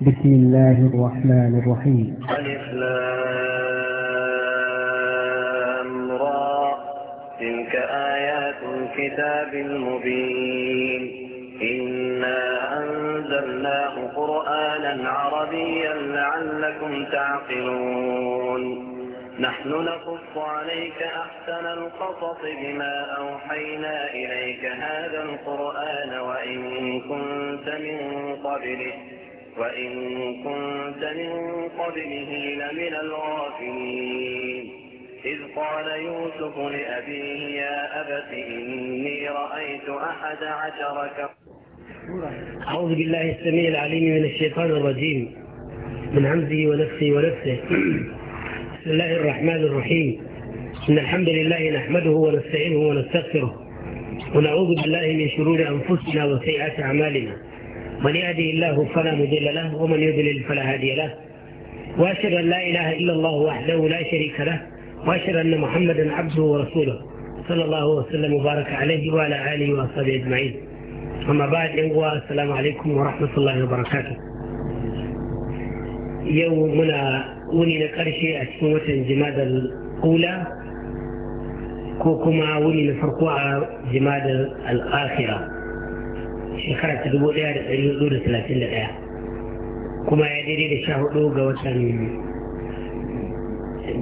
بسم الله الرحمن الرحيم ألف را تلك آيات الكتاب المبين إنا أنزلناه قرآنا عربيا لعلكم تعقلون نحن نقص عليك أحسن القصص بما أوحينا إليك هذا القرآن وإن كنت من قبله وإن كنت من قبله لمن الغافلين إذ قال يوسف لأبيه يا أبت إني رأيت أحد عشر كفرا أعوذ بالله السميع العليم من الشيطان الرجيم من همزه ونفسه ونفسه بسم الله الرحمن الرحيم إن الحمد لله نحمده ونستعينه ونستغفره ونعوذ بالله من شرور أنفسنا وسيئات أعمالنا من يهدي الله فلا مضل له ومن يضلل فلا هادي له واشهد ان لا اله الا الله وحده لا شريك له واشهد ان محمدا عبده ورسوله صلى الله وسلم وبارك عليه وعلى اله واصحابه اجمعين اما بعد السلام عليكم ورحمه الله وبركاته يومنا wuni na ƙarshe a cikin watan jimadar ula ko kuma wuni shekara ta dubu daya da dari hudu da talatin da daya kuma ya daidai da sha hudu ga watan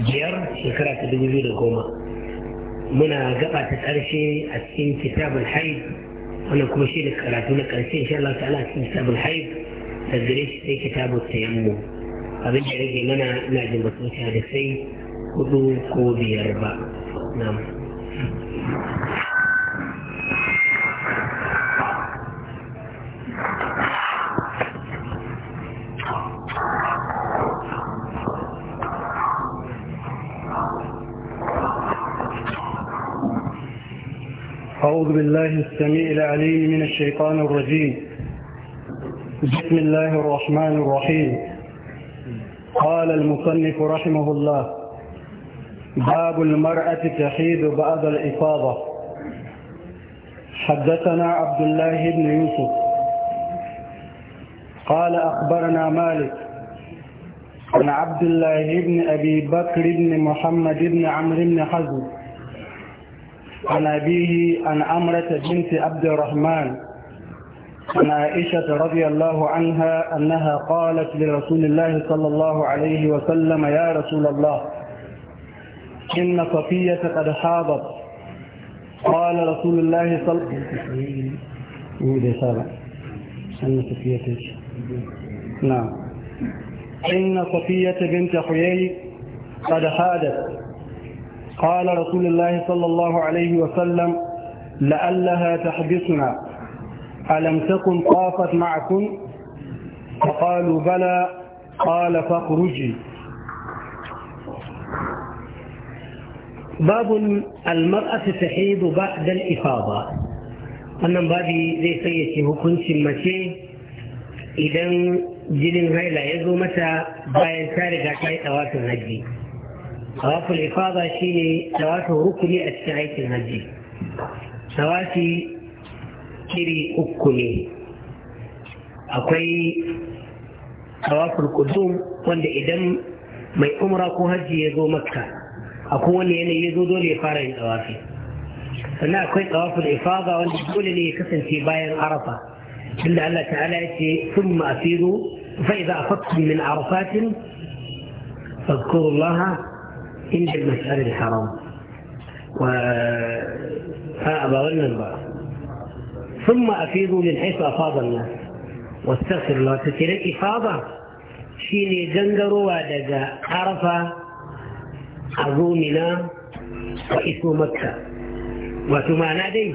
biyar shekara ta dubu biyu da goma muna gaba ta ƙarshe a cikin kitabul haid wannan kuma shi da karatu na ƙarshe insha Allah ta'ala a cikin kitabul haid da gare shi sai kitabul tayammu abin da rage mana ina jin ba da sai hudu ko biyar ba na'am أعوذ بالله السميع العليم من الشيطان الرجيم بسم الله الرحمن الرحيم قال المصنف رحمه الله باب المرأة تحيد بعد الإفاضة حدثنا عبد الله بن يوسف قال أخبرنا مالك عن عبد الله بن أبي بكر بن محمد بن عمرو بن حزم عن أبيه عن عمرة بنت عبد الرحمن عن عائشة رضي الله عنها أنها قالت لرسول الله صلى الله عليه وسلم يا رسول الله إن صفية قد حاضت قال رسول الله صلى الله عليه وسلم أن صفية نعم إن صفية بنت حيي قد حادت قال رسول الله صلى الله عليه وسلم لعلها تحبسنا ألم تكن طافت معكم فقالوا بلى قال فاخرجي باب المرأة تحيض بعد الإفاضة أنا بابي zai سيتي hukuncin mace إذا جلن haila لا يزو متى باين ta riga تواصل yi tawaful ifada shine tawafin rukuni a cikin aikin hajji tawafi kiri uku ne akwai tawaful kudum wanda idan mai umra ko hajji ya zo makka a wani yanayi ya zo dole ya fara yin tawafi sannan akwai tawaful ifada wanda dole ne ya kasance bayan arafa tunda Allah ta'ala ya ce sun ma'afiru fa'iza a fakkun min arafatin فاذكروا الله إلا المسألة الحرام و فأبغلنا البعض ثم أفيضوا من حيث أفاض الناس واستغفر الله تترك إفاضة شيني جندروا ودقا عرفة عظومنا وإسم مكة وثم نادي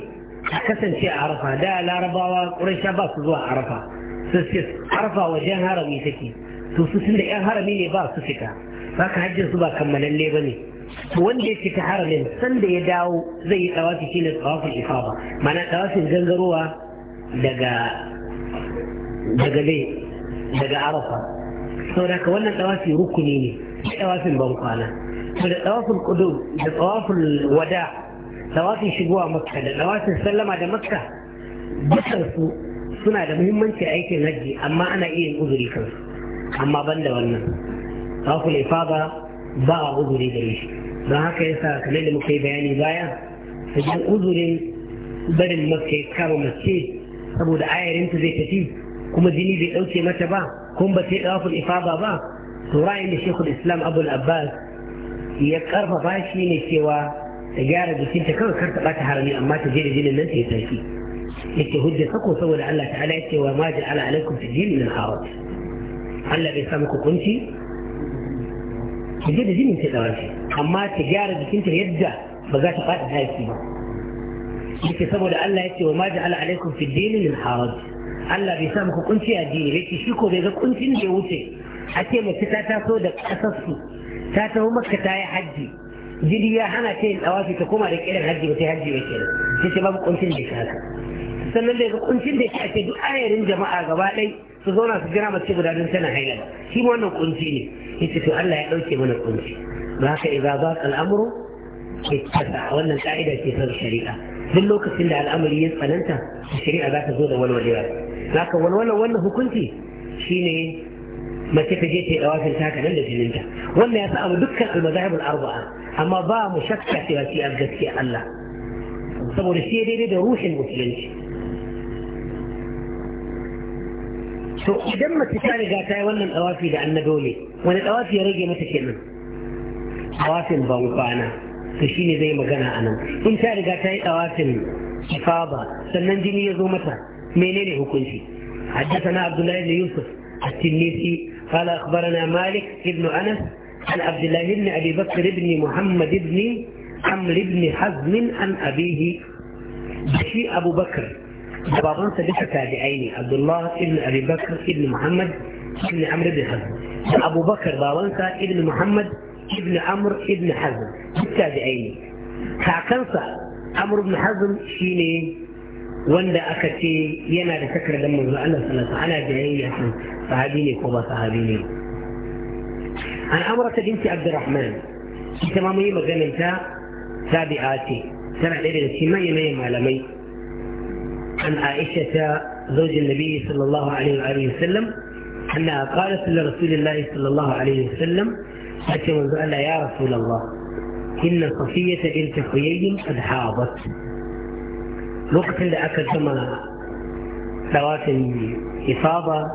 أكسن شيء عرفة دا ربا وقريش باس زوا عرفة سسس عرفة وجهها رميسكي سكي سوسس لئي باس لباس ba ka hajjin su ba kammalalle ba ne wanda ya ta haramin sanda ya dawo zai yi tsawafi shi ne tsawafin ifaba mana tsawafin gangarowa daga daga daga arafa saboda ka wannan tsawafi rukuni ne shi tsawafin ban kwana da tsawafin kudu da tsawafin wada tsawafin shigowa makka da tsawafin sallama da makka dukansu suna da muhimmanci aikin hajji amma ana iya yin uzuri kansu amma ban da wannan او في الافاضه باء عذري دريش فهكا يسا كليل مكي بياني بايا فجان عذري بدل المكي كارو مسكي ابو دعاير انت زي تتيب كم ديني بي اوتي متى با كم بتي او في الافاضه با تراي لشيخ الاسلام ابو العباس يقرف باشي نسيوا تجارة جسين تكوى كرت باتي حرمي اما تجير دين الناس يتاكي هدى سكو سوى لعلى تعالى يتوى ما جعل عليكم في الدين من الحارات هلا بيسامكو كنتي ta da jinin ta tsawon shi amma ta gyara jikinta yadda ba za ta faɗi hayaki ba yake saboda Allah ya ce wa maji ala alaikum fi dini min haraj Allah bai sa muku kunci a dini yake shi ko bai ga kuncin da ya wuce a ce mace ta taso da kasarsu ta taho maka ta yi hajji jini ya hana ta yin tsawafi ta koma da kiran hajji ba ta hajji ba kenan sai ce babu kuncin da ya sannan da ga kuncin da ya ce duk ayarin jama'a gaba ɗaya su zauna su jira mace guda don tana haila shi ma wannan kunci ne yace to Allah ya dauke mana kunci don haka idza zaqa al'amru ittasa wannan ka'ida ce ta shari'a duk lokacin da al'amari ya tsananta shari'a za ta zo da walwalewa zaka walwala wannan hukunci shine mace ta je ta yi dawafin ta haka nan da jininta wannan ya sa abu dukkan al-mazahib al-arba'a amma ba mu shakka cewa shi gaskiya Allah saboda shi daidai da ruhin musulunci to idan mace ta riga ta yi wannan dawafi da annabo ne wani dawafi ya rage mata kenan dawafin ban kwana to shine zai magana a nan in ta riga ta yi dawafin ifaba sannan jini ya zo mata menene hukunci حدثنا عبد الله بن يوسف التلميذي قال اخبرنا مالك بن انس عن عبد الله بن ابي بكر بن محمد بن عمرو بن حزم عن ابيه بشير ابو بكر تقارنت به تابعيني عبد الله ابن ابي بكر ابن محمد ابن عمرو بن حزم ابو بكر قارنت ابن محمد ابن عمرو ابن حزم تابعيني فاعتنص عمرو بن حزم شيني وندا اكتي ينا ده دم الله صلى الله عليه وسلم جايه صحابيني كوبا صحابيني عن عمرة بنت عبد الرحمن في تمامية مغنمتا تابعاتي سنة ما يمين مي عن عائشة زوج النبي صلى الله عليه وآله وسلم أنها قالت لرسول الله صلى الله عليه وسلم حتى منذ أن يا رسول الله إن صفية بنت حيي قد حاضت وقت اللي أكدم سوات إصابة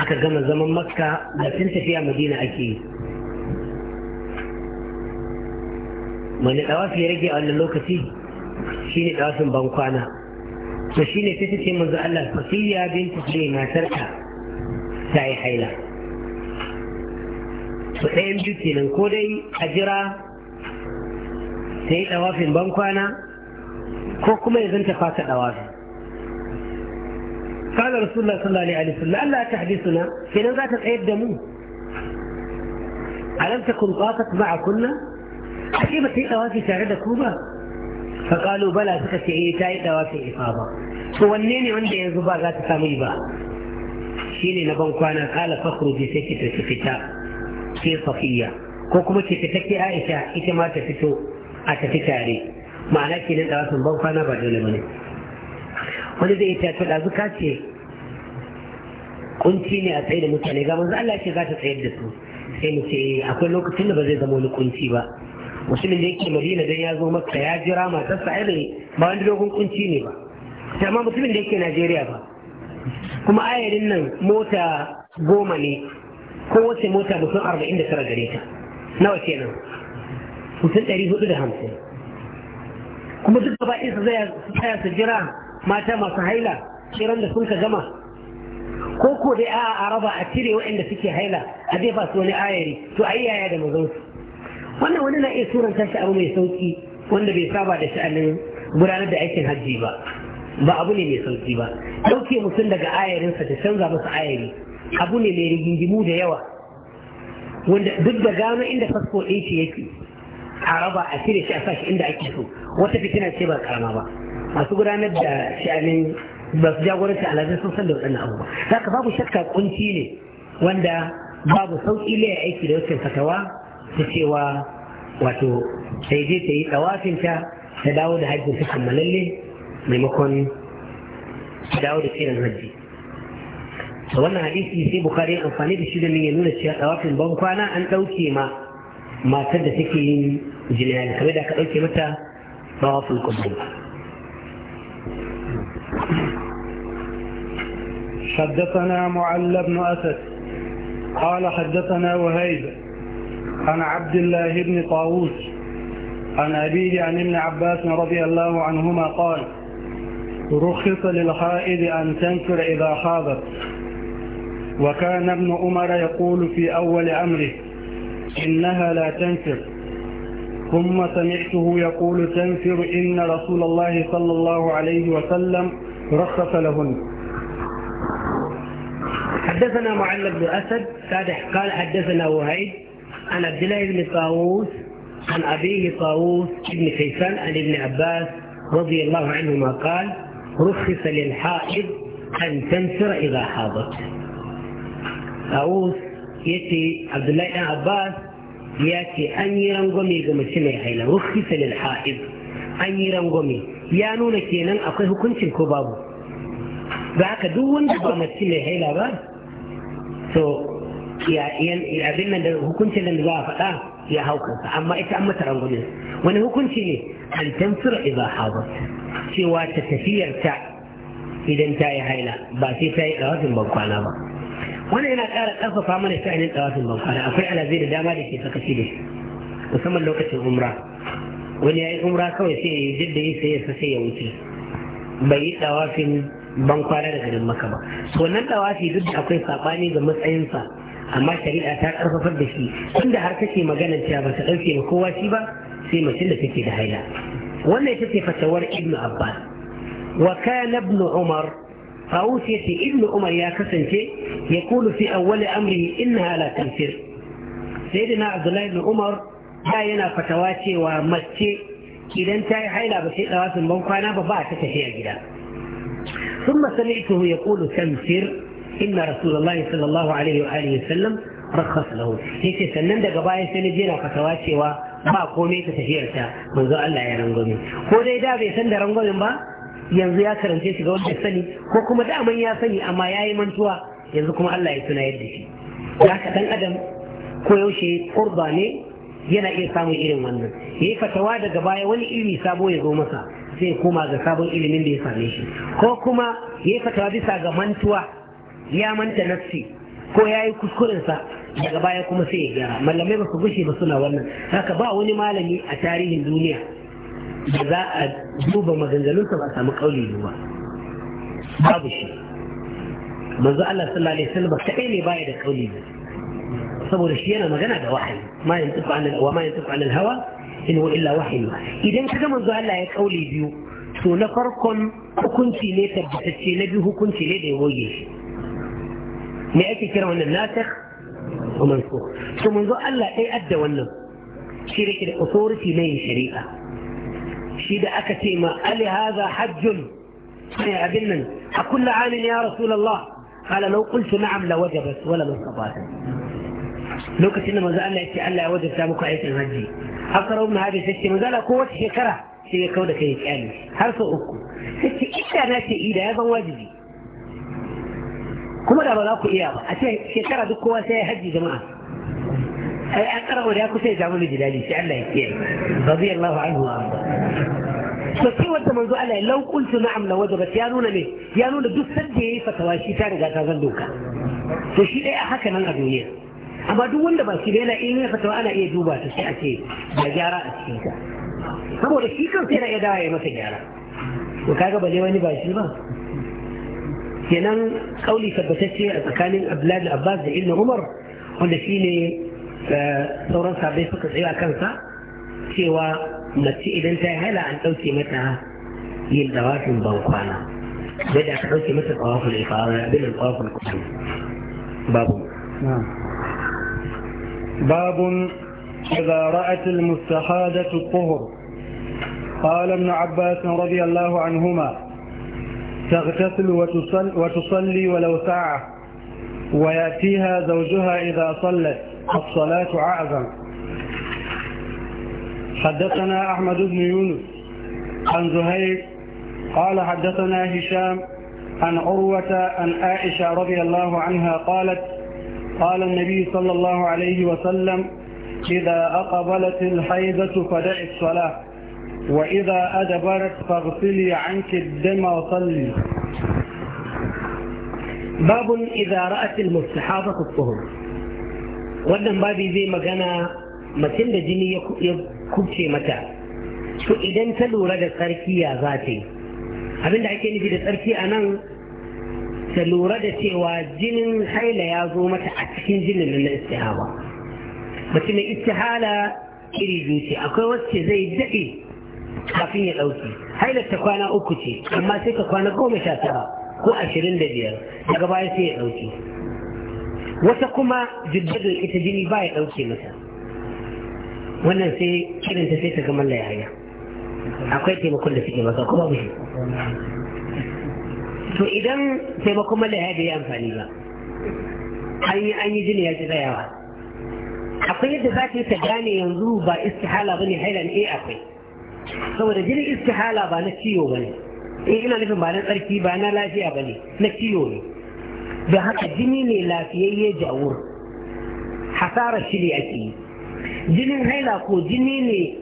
أكدم زمن مكة لا تنسى فيها مدينة أكيد من الأوافي رجع rage اللوكتي شيني lokaci shine to shi ne ta ce manzo Allah Safiya bintu ce matarka ta yi haila to ɗayan biyu kenan ko dai a jira ta yi ɗawafin bankwana ko kuma ya zanta fasa ɗawafin قال رسول الله صلى الله عليه وسلم ألا تحدثنا في ذات العيد دمو ألم تكن طافت معكن أشيبت هي أوافي ساعدة كوبا fa qalu bala suka ce eh ta yi dawa ta ba, to wanne ne wanda yanzu ba za ta samu ba shine na ban kwana kala fakhruji sai ki ta fita ke safiya ko kuma ke fita ke Aisha ita ma ta fito a tafi tare ma'ana kenan dawa sun ban kwana ba dole bane wani zai ta to dazu ka ce kunci ne a tsaye da mutane ga manzo Allah ce za ta tsayar da su sai mu ce eh, akwai lokacin da ba zai zama wani kunci ba musulmin da yake madina dan ya zo maka ya jira matarsa ai bai ba wani dogon kunci ne ba ta amma musulmin da yake najeriya ba kuma ayarin nan mota goma ne Ko wace mota mutum arba'in da tara gare ta nawa kenan mutum ɗari hudu da hamsin kuma duk gaba ɗinsa zai tsaya su jira mata masu haila kiran da sun ka gama ko ko dai a a raba a cire waɗanda suke haila a jefa su wani ayari to ayi yaya da mazansu wannan wani na iya turanta shi abu mai sauki wanda bai saba da sha'anin gudanar da aikin hajji ba ba abu ne mai sauki ba ɗauke mutum daga ayarinsa ta canza masa ayari abu ne mai rigingimu da yawa wanda duk da gano inda fasfo ɗin shi yake a raba a cire shi a sashi inda ake so wata fitina ce ba karama ba masu gudanar da sha'anin ba su jagoranci alhazin sun san da waɗannan abubuwa za ka babu shakka kunci ne wanda babu sauƙi ne aiki da wacce fatawa ta cewa wato sai je ta yi tsawafinta ta dawo da hajjin ta kammalalle maimakon ta dawo da tsirin hajji da wannan hadisi sai bukari amfani da shi da ya nuna cewa tsawafin ban kwana an ɗauke ma matar da take yin jinayar kamar da aka ɗauke mata tsawafin kubur حدثنا معل بن أسد قال حدثنا وهيب عن عبد الله بن طاووس عن أبيه عن ابن عباس رضي الله عنهما قال رخص للحائض أن تنفر إذا خاضت وكان ابن عمر يقول في أول أمره إنها لا تنفر ثم سمعته يقول تنفر إن رسول الله صلى الله عليه وسلم رخص لهن حدثنا معلق بن أسد قال حدثنا وهيد عن عبد الله بن طاووس عن أبيه طاووس بن كيسان عن ابن عباس رضي الله عنهما قال رخص للحائض أن تنفر إذا حاضت طاووس يأتي عبد الله بن عباس يأتي أن يرنغمي غمشنا يحيلا رخص للحائض أن يرنغمي ya nuna kenan akwai hukuncin ko babu da haka duk wanda ba mace mai haila ba to abin nan da hukuncin da za a faɗa ya hau kansa amma ita an mata rangumin wani hukunci ne an tantura iza habat cewa ta tafiyarta idan ta yi haila ba sai ta yi ɗawafin bankwana ba wannan yana ƙara ƙarfafa mana sha'anin ɗawafin bankwana akwai alazai da dama da ke sakaci da shi musamman lokacin umra wani ya yi umra kawai sai ya yi jidda yi sai sai ya wuce bai yi ɗawafin bankwana kwana da garin maka ba so ɗawafi duk da akwai saɓani ga matsayinsa amma shari'a ta karfafar da shi tunda har kake magana cewa ba ta dauke ba kowa shi ba sai mutum da take da haila wannan ita ce fatawar ibnu abbas wa kana ibnu umar fa usiyati ibnu umar ya kasance فأوصيت ابن عمر يا كسن يقول في أول أمره إنها لا تنفر سيدنا عبد الله بن عمر لا ينا فتواتي ومتي إذا انتهى حيلا بسيط ba بوقانا بباعة تتهي gida ثم سمعته يقول تنفر inna rasulullahi sallallahu alaihi wa alihi sallam rakhas lahu yace sannan daga baya sai je na fatawa cewa ba komai ta tafiyar ta manzo Allah ya rangwame ko dai da bai san da rangwamen ba yanzu ya karance shi ga wanda sani ko kuma daman ya sani amma ya yi mantuwa yanzu kuma Allah ya tuna yadda shi Ya haka dan adam ko yaushe kurba ne yana iya samun irin wannan yayi fatawa daga baya wani ilimi sabo ya zo masa Zai koma ga sabon ilimin da ya same shi ko kuma yayi fatawa bisa ga mantuwa ya manta nafsi ko ya yi kuskurensa daga baya kuma sai ya gyara malamai ba su gushe ba suna wannan haka ba wani malami a tarihin duniya da za a duba maganganunsa ba a samu kauli ba babu shi manzo Allah sallallahu alaihi wasallam kadai ne baya da kauli ba saboda shi yana magana da wahayi ma yantiqu anil wa ma yantiqu anil hawa in huwa illa wahyu idan kaga manzo Allah ya kauli biyu to na farkon hukunci ne tabbatacce na biyu hukunci ne da ya goge shi لأتي كده وانا ناسخ ومنسوخ ثم منذ قال له ايه أدى وانا شير كده في مين شريئة شيد أكتيمة قال هذا حج يا أبنا أكل عام يا رسول الله قال لو قلت نعم لوجبت ولا من صفات لو كنت إنما زال لأتي ألا أوجب سامك عيس المجي أكثر أمنا هذه ستة مزالة قوة شكرة هي كونك يتعلم هل سؤكم ستة إيه ناسي إيه هذا واجبي kuma da ba za ku iya ba a ce shekara duk kowa sai ya haji jama'a ai an karawa da ya kusa ya jamu miji dali sai Allah ya kiyaye radiyallahu anhu wa to sai wanda manzo Allah ya lau kuntu na'am la wajabat ya nuna ne ya nuna duk sanda yayi fatawa shi ta riga ta zan doka to shi dai a haka nan a duniya amma duk wanda ba shi da yana iya fatawa ana iya duba ta sai a ce ya gyara a cikin ta saboda shi kansa yana iya dawa ya masa gyara to kaga ba dai wani ba shi ba kenan kauli tabbatacce a tsakanin abdullahi abbas da ibn umar wanda shine sauran sabai suka tsaye a kansa cewa mace idan ta yi haila an ɗauke mata yin dawafin ban kwana bai da aka ɗauke mata tsawafin ifara bin tsawafin kuɗi babu باب إذا رأت المستحاضة الطهر قال ابن عباس رضي الله عنهما تغتسل وتصلي ولو ساعة ويأتيها زوجها إذا صلت الصلاة أعظم حدثنا أحمد بن يونس عن زهير قال حدثنا هشام عن عروة عن عائشة رضي الله عنها قالت قال النبي صلى الله عليه وسلم إذا أقبلت الحيضة فدع الصلاة وإذا أدبرت فاغسلي عنك الدم وصلي باب إذا رأت المستحاضة الطهر wannan babi zai magana macin da jini ya kubce mata to idan ta lura da tsarki ya za ta yi abinda ake nufi da tsarki a nan ta lura da cewa jinin haila ya zo mata a cikin jinin na istihaba mace mai istihala iri biyu ce akwai wacce zai daɗe kafin ya ɗauki hailar ta kwana uku ce amma sai ka kwana goma sha tara ko ashirin da biyar daga baya sai ya ɗauki wata kuma jiddadin ita jini ba ya ɗauke mata wannan sai kirin ta sai ta gama layaya akwai taimakon da suke maka kuma mu to idan taimakon malaya bai yi amfani ba an yi an yi jini ya ji tsayawa akwai yadda za ta yi ta gane yanzu ba istihala ne hailan eh akwai saboda jinin hala ba na ciwo ba ne in eh, ina nufin ba na tsarki ba na lafiya ba ne na ciwo ne da haka jini ne lafiyayye jawur hasara shi ne ake yi jinin haila ko jini ne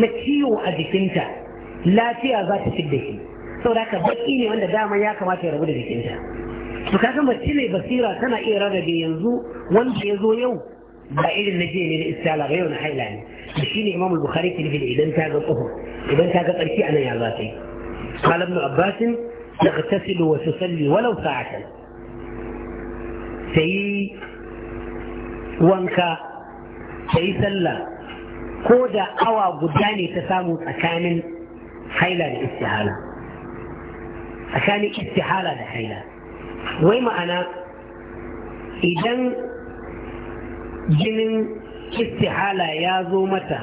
na ciwo a jikinta lafiya za ta fidda shi saboda haka baki ne wanda dama ya kamata ya rabu da jikinta to kaga mace ne basira tana iya rarrabe yanzu wanda ya zo yau بعيد النجي من الاستعلاء غير حيلان مشيني إمام البخاري تلفي إذا انت هذا الطهر إذا انتهى هذا أنا يا ذاتي قال ابن عباس تغتسل وتصلي ولو ساعة سي وانكا سي سلا كودا أوى قداني تسامو أكان حيلة استحالة أكان استحالة لحيلة وما أنا إذن jinin istihala ya zo mata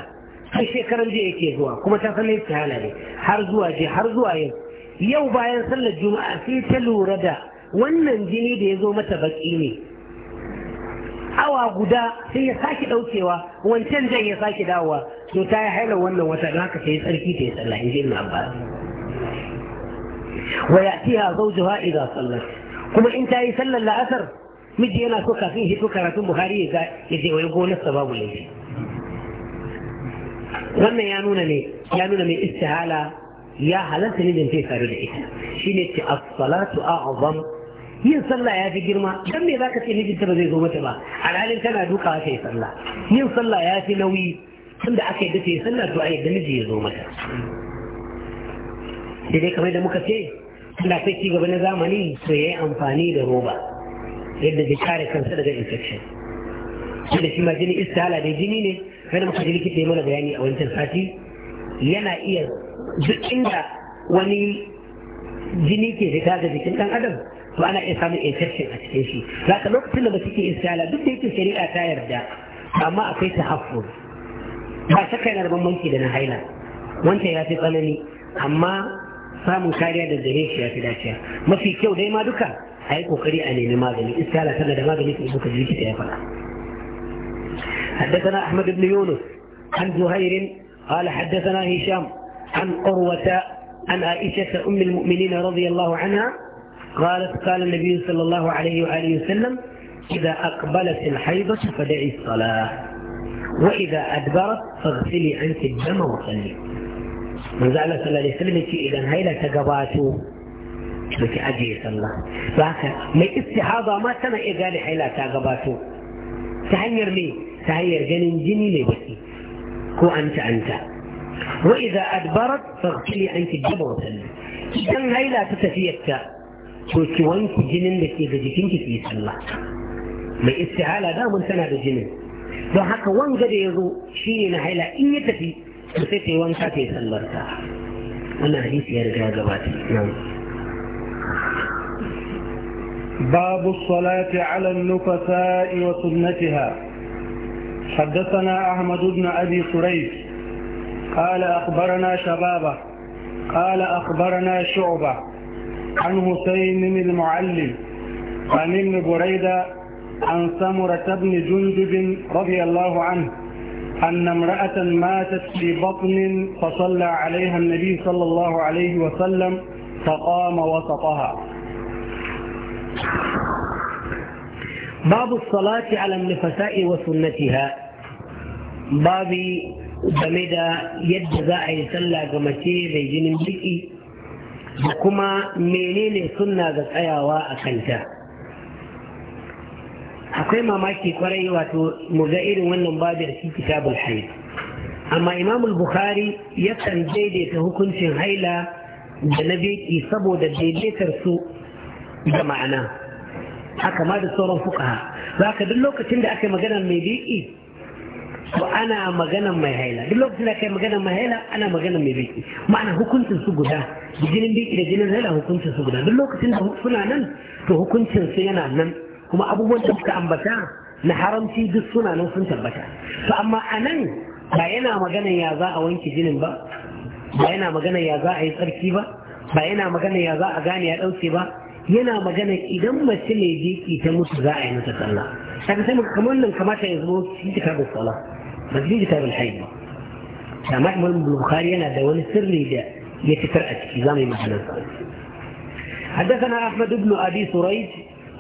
har shekaran jiya yake zuwa kuma ta san istihala ne har zuwa je har zuwa yau yau bayan sallar juma'a sai ta lura da wannan jini da ya zo mata baki ne awa guda sai ya sake daukewa wancan jan ya sake dawowa to ta yi haila wannan wata don haka sai tsarki ta yi sallah in ji ina abbas wa ya'tiha zawjuha idza sallat kuma in ta yi sallar la'asar miji yana so kafin hito karatun buhari ya je wai gonarsa babu laifi wannan ya nuna ne ya nuna mai istihala ya halarta da ta faru da ita shine ce as-salatu a'zam yin sallah ya fi girma dan me zaka ce mijinta ta ba zai zo mata ba alhalin tana dukawa ta ya sallah yin sallah ya fi nauyi tunda aka yadda ta salla sallah to a yadda miji ya zo mata sai dai kamar da muka ce tana sai ci gaba na zamani to yi amfani da roba yadda zai kare kansa daga infection da shi ma jini hala da jini ne kada muka ji likita ya mana bayani a wancan sati yana iya duk inda wani jini ke a ga jikin dan adam to ana iya samun infection a cikin shi za ka lokacin da ba suke hala duk da yake shari'a ta yarda amma akwai ta hafu, ba saka yana da bambanci da na haila wancan ya fi tsanani amma samun kariya da gare shi ya fi dacewa mafi kyau dai ma duka حدثنا أحمد بن يونس عن زهير قال حدثنا هشام عن قروة عن عائشة أم المؤمنين رضي الله عنها قالت قال النبي صلى الله عليه وآله وسلم إذا أقبلت الحيضة فدعي الصلاة وإذا أدبرت فاغسلي عنك الدم وصلي من زعل صلى الله عليه وسلم إذا هيلا تقباتوا da ki ajiye sallah ba haka mai istihaba ma tana iya gane haila ta gabato ta hanyar ne ta hanyar ganin jini mai baki ko anta anta wa idza adbarat faghsili anki jaba wa salli idan haila ta tafiyarta to ki wanki jinin da ke ga jikinki ki sallah mai istihala da mun tana da jinin don haka wanga da ya zo shine na haila in ya tafi to sai ta yi wanka ta yi sallar ta wannan hadisi ya riga gabata na'am باب الصلاة على النفساء وسنتها حدثنا أحمد بن أبي سريف قال أخبرنا شبابه قال أخبرنا شعبة عن حسين المعلم عن ابن بريدة عن سمرة بن جندب رضي الله عنه أن امرأة ماتت في بطن فصلى عليها النبي صلى الله عليه وسلم فقام وسطها باب الصلاة على النفساء وسنتها باب دمدا يد زاء يسلى قمتي بيجين بكي بكما منين سنة ذات أيوا أخلتا أقيم ماكي كوري واتو مغير ونن باب في كتاب الحيض أما إمام البخاري يفتن زيدي تهكن في هيلة da na beki saboda daidaitar su da ma'ana haka ma da sauran fukaha za ka duk lokacin da aka yi magana mai beki to ana magana mai haila duk lokacin da aka yi magana mai haila ana magana mai beki ma'ana hukuncin su guda da jinin beki da jinin haila hukuncin su guda duk lokacin da suna nan to hukuncin su yana nan kuma abubuwan da suka ambata na haramci duk suna nan sun tabbata to amma a nan ba yana magana ya za a wanke jinin ba ba yana magana ya za a yi tsarki ba ba yana magana ya za a gane ya ɗauke ba yana magana idan mace ne jiki ta mutu za a yi mata sallah saka sai kamar nan kamata ya zama cikin kitabul salah ba cikin kitabul hayy ba amma imam bukhari yana da wani sirri da ya fitar a ciki zamu yi magana حدثنا أحمد بن أبي سريج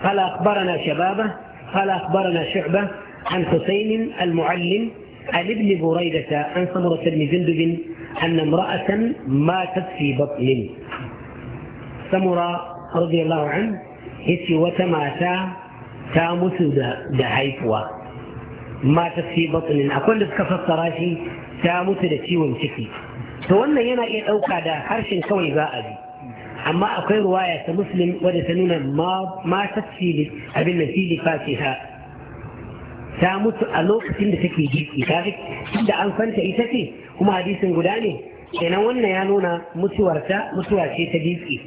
قال أخبرنا شبابه قال أخبرنا شعبة عن حسين المعلم عن ابن بريدة عن سمرة بن جندب أن امرأة ماتت في بطن سمر رضي الله عنه هي وتماتا تامس دهيفوى ماتت في بطن أقول لك ف ص ر ا ش ي تامس دهيفوى شكي إيه اوكا دا حرش كوي ب ا ء ي روايه مسلم ودسنون ماتت في ابن ل فاتها ta mutu a lokacin da take jiki kaga da an santa ita ce kuma hadisin guda ne kenan wannan ya nuna mutuwarta mutuwa ce ta jiki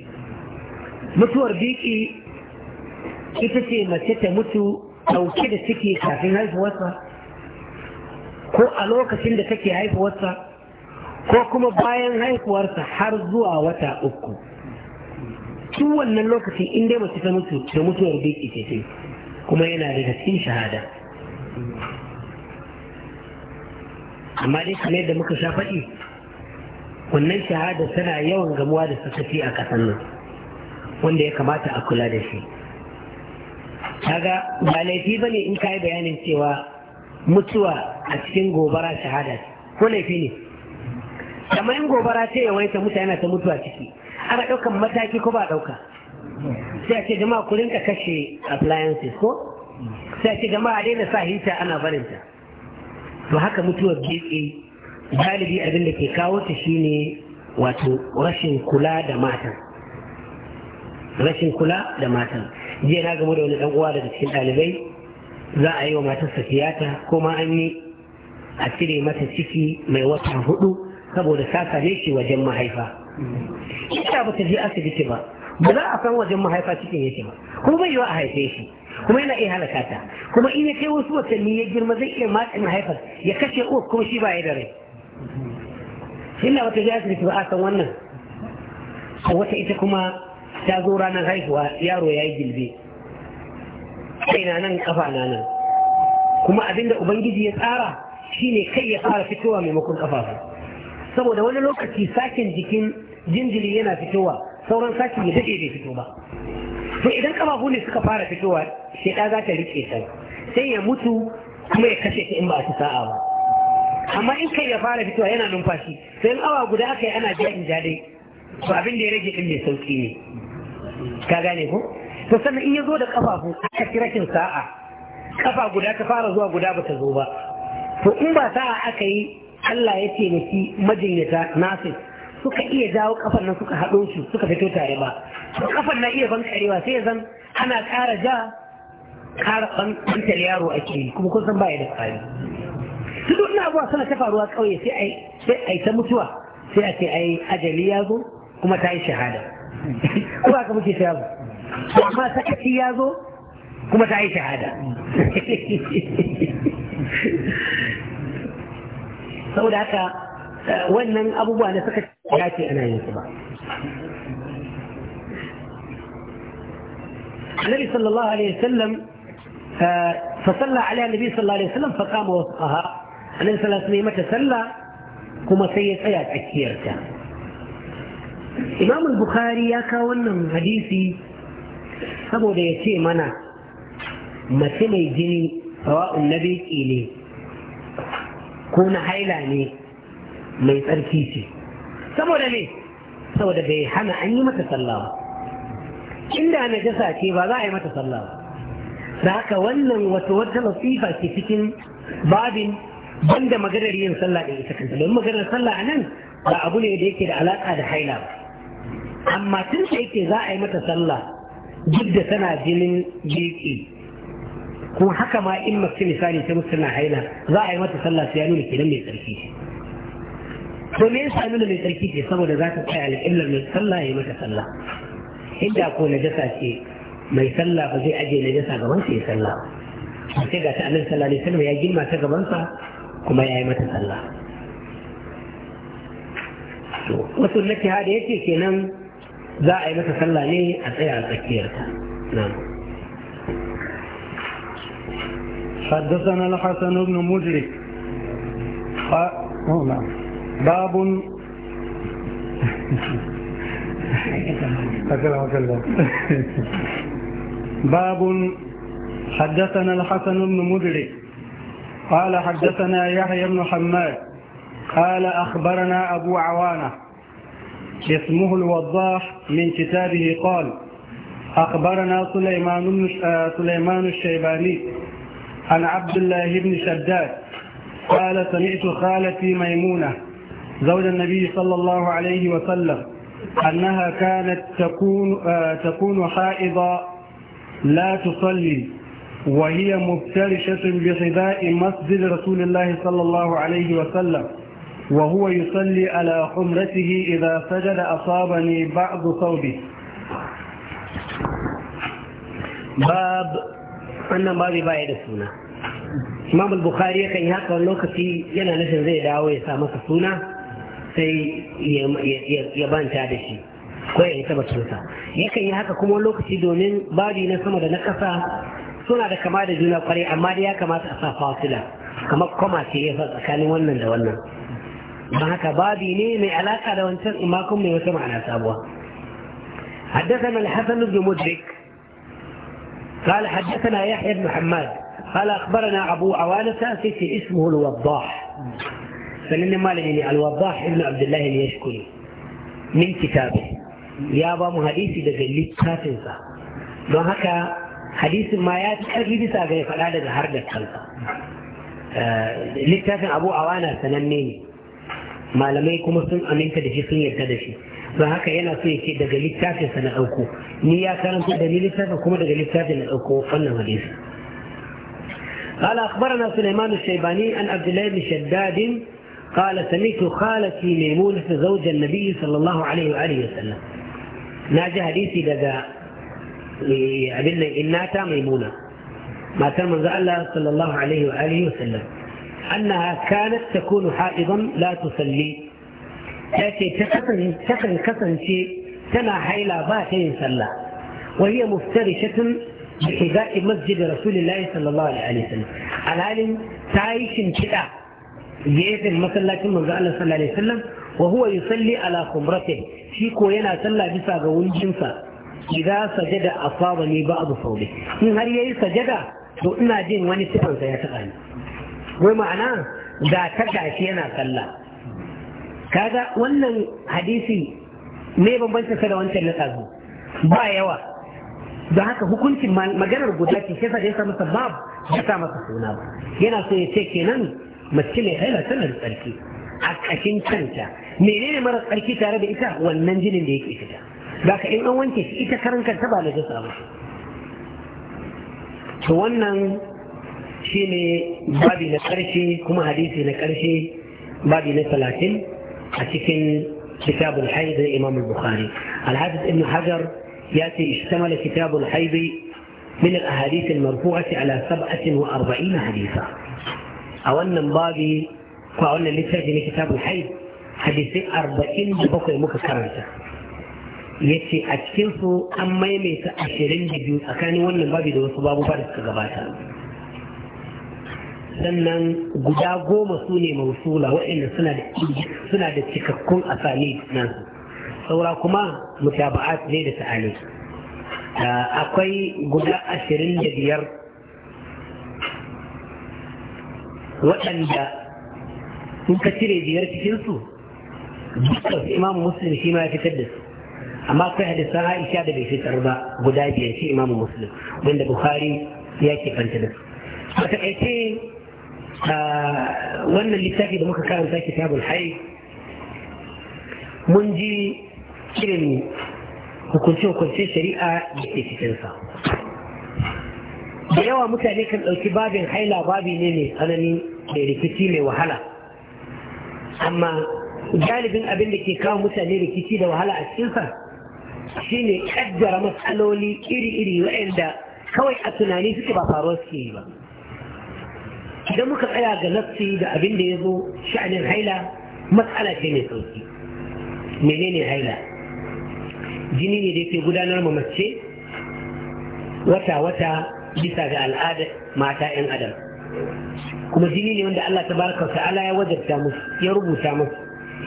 mutuwar jiki ita ce mace ta mutu dauke da take kafin haifuwarsa ko a lokacin da take haifuwarsa ko kuma bayan haifuwarsa har zuwa wata uku tun wannan lokacin in dai mace ta mutu da mutuwar jiki ce kuma yana daga cikin shahada amma dai kamar yadda muka sha faɗi wannan shahada tana yawan gamuwa da tafi a ƙasar nan wanda ya kamata a kula da shi kaga ba laifi ba ne in ka yi bayanin cewa mutuwa a cikin gobara shahada ko laifi ne kamar in gobara ce yawaita mutane ta mutuwa ciki ana ɗaukan mataki ko ba ɗauka sai a ce jama'a ku rinka kashe appliances ko sai ce a daina sa hita ana barinta to haka mutuwar gitse galibi abin da ke kawo ta shine wato rashin kula da matan rashin kula da matan jiya na gamu da wani dan uwa daga cikin ɗalibai za a yi wa matarsa tiyata ma an yi a cire mata ciki mai wata hudu saboda ta same shi wajen mahaifa ita ba ta je asibiti ba ba za a san wajen mahaifa cikin yake ba kuma bai wa a haife shi kuma yana iya halaka ta kuma in ya kai wasu watanni ya girma zai iya matsa mahaifar ya kashe uwa kuma shi ba ya da rai ina wata ba a san wannan a wata ita kuma ta zo ranar haihuwa yaro ya yi gilbe kaina nan kafa na nan kuma abinda ubangiji ya tsara shine kai ya fara fitowa maimakon kafafu saboda wani lokaci sakin jikin jinjiri yana fitowa sauran sakin ya daɗe bai fito ba to idan kafafu ne suka fara fitowa sheda za ta rike ta sai ya mutu kuma ya kashe ta in ba a ci sa'a ba amma in kai ya fara fitowa yana numfashi sai in awa guda aka yi ana jaɗin jaɗe to abin da ya rage din mai sauki ne ka gane ko to sannan in ya zo da kafafu aka ci rashin sa'a kafa guda ta fara zuwa guda ba ta zo ba to in ba sa'a aka yi Allah ya ce taimaki majinyata nasir suka iya jawo kafan nan suka haɗo su suka fito tare ba to kafan nan iya bankarewa sai zan ana ƙara ja ƙara bankar yaro ake yi kuma kun san baya da kwari su duk na abuwa suna ta faruwa ƙauye sai a yi ta mutuwa sai a ce ai ajali ya zo kuma ta yi shahada ko ba ka muke ta yabo amma sakaci ya zo kuma ta yi shahada saboda haka وإن من أبو suka dace حياتي أنا su النبي صلى الله عليه وسلم فصلى عليها النبي صلى الله عليه وسلم فقام وصفها النبي صلى الله عليه وسلم تسلى كما سيد آيات أكيرتا إمام البخاري يا كاونا حديثي أبو da ya ce mana mace mai jini sawa'un na beki mai tsarki ce saboda ne saboda bai hana an yi mata sallah ba inda najasa ce ba za a yi mata sallah ba da haka wannan wata wata nasifa ke cikin babin banda maganar yin sallah da ita kanta domin maganar sallah a nan ba abu ne da yake da alaka da haila ba amma tun da yake za a yi mata sallah duk da tana jinin jiki ko haka ma in mace misali ta mutu tana haila za a yi mata sallah sai ya nuna kenan mai tsarki to me yasa nuna mai tsarki ce saboda za ta tsaya alƙiblar mai sallah ya mata sallah inda ko najasa ce mai sallah ba zai aje najasa gaban sa ya sallah sai ga ta annabi sallallahu alaihi wasallam ya girma ta gaban sa kuma ya yi mata sallah to wasu lati hada yace kenan za a yi mata sallah ne a tsaya a tsakiyarta na'am حدثنا الحسن بن مدرك قال باب أكرمك الله باب حدثنا الحسن بن مدري قال حدثنا يحيى بن حماد قال أخبرنا أبو عوانة اسمه الوضاح من كتابه قال أخبرنا سليمان, آه، سليمان الشيباني عن عبد الله بن شداد قال سمعت خالتي ميمونة زوج النبي صلى الله عليه وسلم أنها كانت تكون, آه، تكون حائضة لا تصلي وهي مفترشة بحذاء مسجد رسول الله صلى الله عليه وسلم وهو يصلي على حمرته إذا سجد أصابني بعض ثوبه باب أنا بابي باي السنة suna البخاري كان bukhari yakan في haka wani lokaci yana السنة sai ya banta da shi ko ya taba cuta yakan yi haka kuma lokaci domin bari na sama da na ƙasa suna da kama da juna kwarai amma dai ya kamata a sa fasila kamar koma ce ya tsakanin wannan da wannan don haka babi ne mai alaƙa da wancan imakon mai wata ma'ana sabuwa حدثنا الحسن بن مدرك قال حدثنا يحيى بن محمد قال أخبرنا أبو عوانة في اسمه الوضاح sanannin malami ne alwabah ibn abdullahi ne ya shukuri min kitabe ya ba mu hadisi daga littafinsa don haka hadisin ma ya karbi bisa ga ya faɗa daga har da kansa littafin abu awana sananne ne malamai kuma sun aminta da shi sun yarda da shi don haka yana so ya ce daga littafinsa na ɗauko ni ya karanta da ni littafin kuma daga littafin na ɗauko wannan hadisi قال أخبرنا سليمان الشيباني عن عبد الله بن شداد قال سمعت خالتي ميمونة زوج النبي صلى الله عليه وآله وسلم ناجي حديثي دقا أبن إناتا ميمونة ما تم الله صلى الله عليه وآله وسلم أنها كانت تكون حائضا لا تصلي لكن تكن كسن شيء تنا حيلا باتين صلى وهي مفترشة بحذاء مسجد رسول الله صلى الله عليه وسلم العالم تعيش كده gefen masallacin magana Allah sallallahu alaihi wasallam wa huwa yusalli ala khumratihi shi ko yana sallah bisa ga wunjinsa idan sajada asaba ni ba'd sawbi in har ya yi sajada to ina jin wani sifan ya taba ni wai ma'ana da ta gashi yana sallah kaga wannan hadisi me bambancin sa da wancan na tsazo ba yawa da haka hukuncin maganar guda ce shi ya sa masa babu ya sa masa suna ba yana so ya ce kenan مسكين هلا تمر قلكي أكين كنتا منين مرت قلكي ترى بإيتا والمنزل اللي هيك إيتا لك إن أنت إيتا كرن كتبا لجس أبوش تونا شيني بابي نكرشي كما حديثي نكرشي بابي نسلاتين أتكين كتاب الحيض الإمام البخاري الحافظ إنه حجر يأتي اشتمل كتاب الحيض من الأحاديث المرفوعة على سبعة وأربعين حديثا a wannan babi ko a wannan littafi na kitabul haid hadisai arba'in da bakwai muka karanta ya ce a cikinsu an maimaita ashirin da biyu tsakanin wannan babi da wasu babu da suka gabata sannan guda goma su ne mausula waɗanda suna da cikakkun asali nasu saura kuma mutaba'at ne da ta'ali akwai guda ashirin da biyar waɗanda in ka cire biyar cikinsu dukkan imamu muslim shi ma ya fitar da su amma kai hadisan aisha da bai fitar ba guda biyar shi imamu muslim wanda bukhari ya ke fanta da su a takaice wannan littafi da muka karanta kitabul hayy mun ji irin hukunce hukunce shari'a da ke cikinsa da yawa mutane kan ɗauki babin haila babi ne mai tsanani mai rikici mai wahala amma galibin abin da ke kawo mutane rikici da wahala a cikinsa shine ƙaddara matsaloli iri-iri waɗanda kawai a tunani suke ba faruwa suke yi ba idan muka tsaya ga nassi da abin da ya zo sha'anin haila matsala ce mai sauki menene haila jini ne da yake gudanar ma mace wata-wata bisa ga al'ada mata 'yan adam kuma jini ne wanda Allah tabaraka wa ta'ala ya wajabta musu ya rubuta musu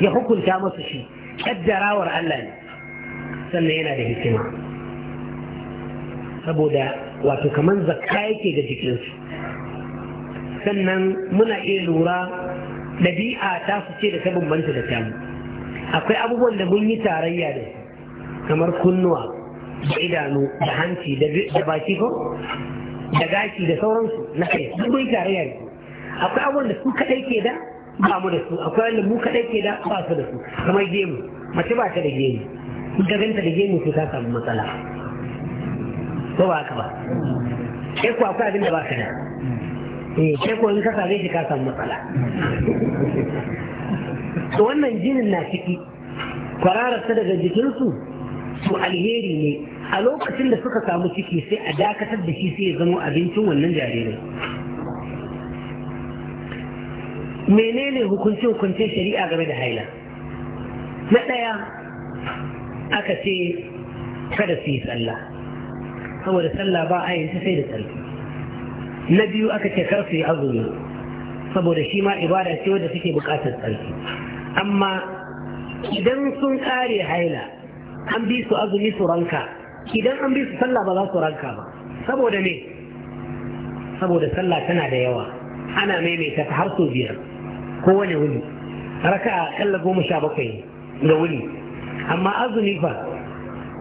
ya hukunta musu shi kaddarawar Allah ne sannan yana da hikima saboda wato kaman zakka yake ga jikinsu sannan muna iya lura ɗabi'a ta su ce da ta bambanta da tamu akwai abubuwan da mun yi tarayya da su kamar kunnuwa da idanu da hanci da baki ko da gashi da sauransu na kai duk bai tare ne akwai abun da su kadai ke da ba mu da su akwai wanda mu kadai ke da ba su da su kamar gemu mace ba ta da gemu in ka ganta da gemu sai ta samu matsala ko ba haka ba sai ku akwai abin da ba ka da eh sai ku in ka same shi ka samu matsala to wannan jinin na ciki kwararar ta daga jikinsu to alheri ne a lokacin da suka samu ciki sai a dakatar da shi sai ya zama abincin wannan jarirai menene hukunci hukuncin shari'a game da haila na ɗaya aka ce kada su yi sallah saboda sallah ba a yanzu sai da tsarki na biyu aka ce kar su yi azumi saboda shi ma ibada ce wadda suke buƙatar tsarki amma idan sun ƙare haila an bi su azumi su ranka idan an bi su sallah ba za su ranka ba saboda ne saboda sallah tana da yawa ana maimaita ta har sau biyar kowane wuni raka kalla goma sha bakwai ga wuni amma azumi fa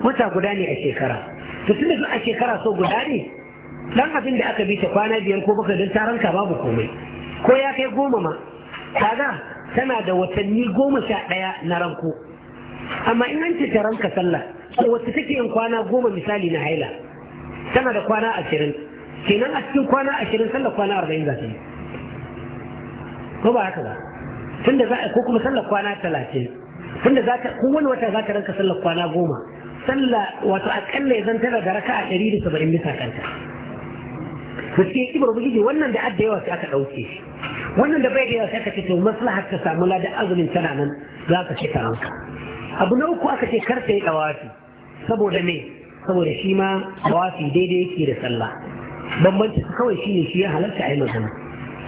wata guda ne a shekara to tun da a shekara so guda ne dan abin da aka bi ta kwana biyar ko bakwai don taranka babu komai ko ya kai goma ma kaga tana da watanni goma sha ɗaya na ranko amma in an ce ta ranka sallah to wacce take in kwana goma misali na haila tana da kwana ashirin kenan a cikin kwana ashirin sallah kwana arba'in za ta yi ko ba haka ba tunda za ko kuma sallah kwana talatin tunda za ka kowane wata za ta ranka sallah kwana goma sallah wato akalla ya zanta da raka a ɗari da saba'in bisa kanta gaskiya kibar ubangiji wannan da adda yawa sai aka ɗauke shi wannan da bai da yawa sai aka ce to maslahar ka samu ladan azumin tana nan za ka ce ka ranka abu na uku aka ce karta yi dawafi saboda me saboda shi ma dawafi daidai yake da sallah bambanci kawai shi ne shi ya halarta a yi magana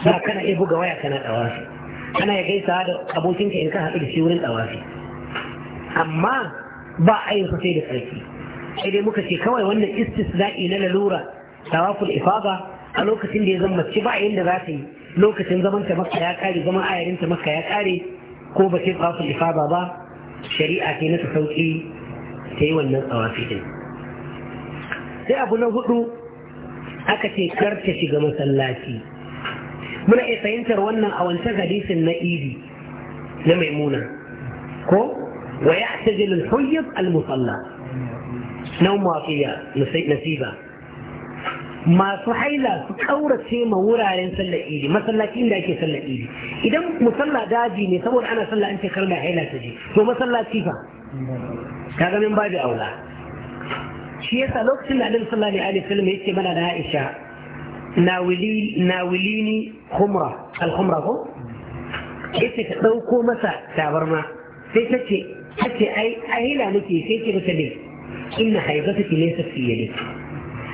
ba kana iya buga waya kana dawafi kana ya gaisa da abokinka in ka haɗu da shi wurin ɗawafi amma ba a yin sosai da sarki. sai dai muka ce kawai wannan istisna'i na lalura tawaful ifada a lokacin da ya zama ci ba yin da za ta yi lokacin zaman ta maka ya kare zaman ayarin ta maka ya kare ko ba ce tawaful ifada ba shari'a ce na ta sauki ta yi wannan tsawafi din sai abu na hudu aka ce karta shiga masallaci muna iya fahimtar wannan a wancan hadisin na idi na maimuna ko wa ya tajilul huyyab al-musalla na nasiba masu haila su kaurace ma wuraren sallar idi masallaci inda ake sallar idi idan musalla daji ne saboda ana sallah an ce kar mai haila ta je to masallaci fa kaga min babu aula shi yasa lokacin da Annabi sallallahu alaihi wasallam yake mana da Aisha nawili nawilini khumra al khumra ko yace ta dauko masa tabarma sai ta ce ta ce ai ahila nake sai ce mata ne inna haizatuki laysa fi yadika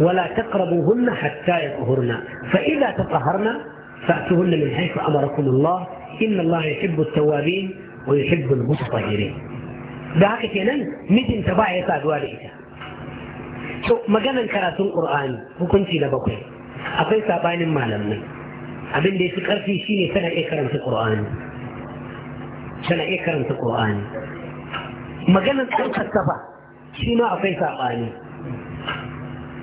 ولا تقربوهن حتى يطهرن فإذا تطهرن فأتوهن من حيث أمركم الله إن الله يحب التوابين ويحب المتطهرين da haka kenan mijinta ba ya saduwa da ita to maganan karatun qur'ani hukunci na bakwai akwai sabanin malamai abin da yafi karfi shine tana iya karanta qur'ani tana iya karanta qur'ani maganan tsarkar safa shi ma akwai sabani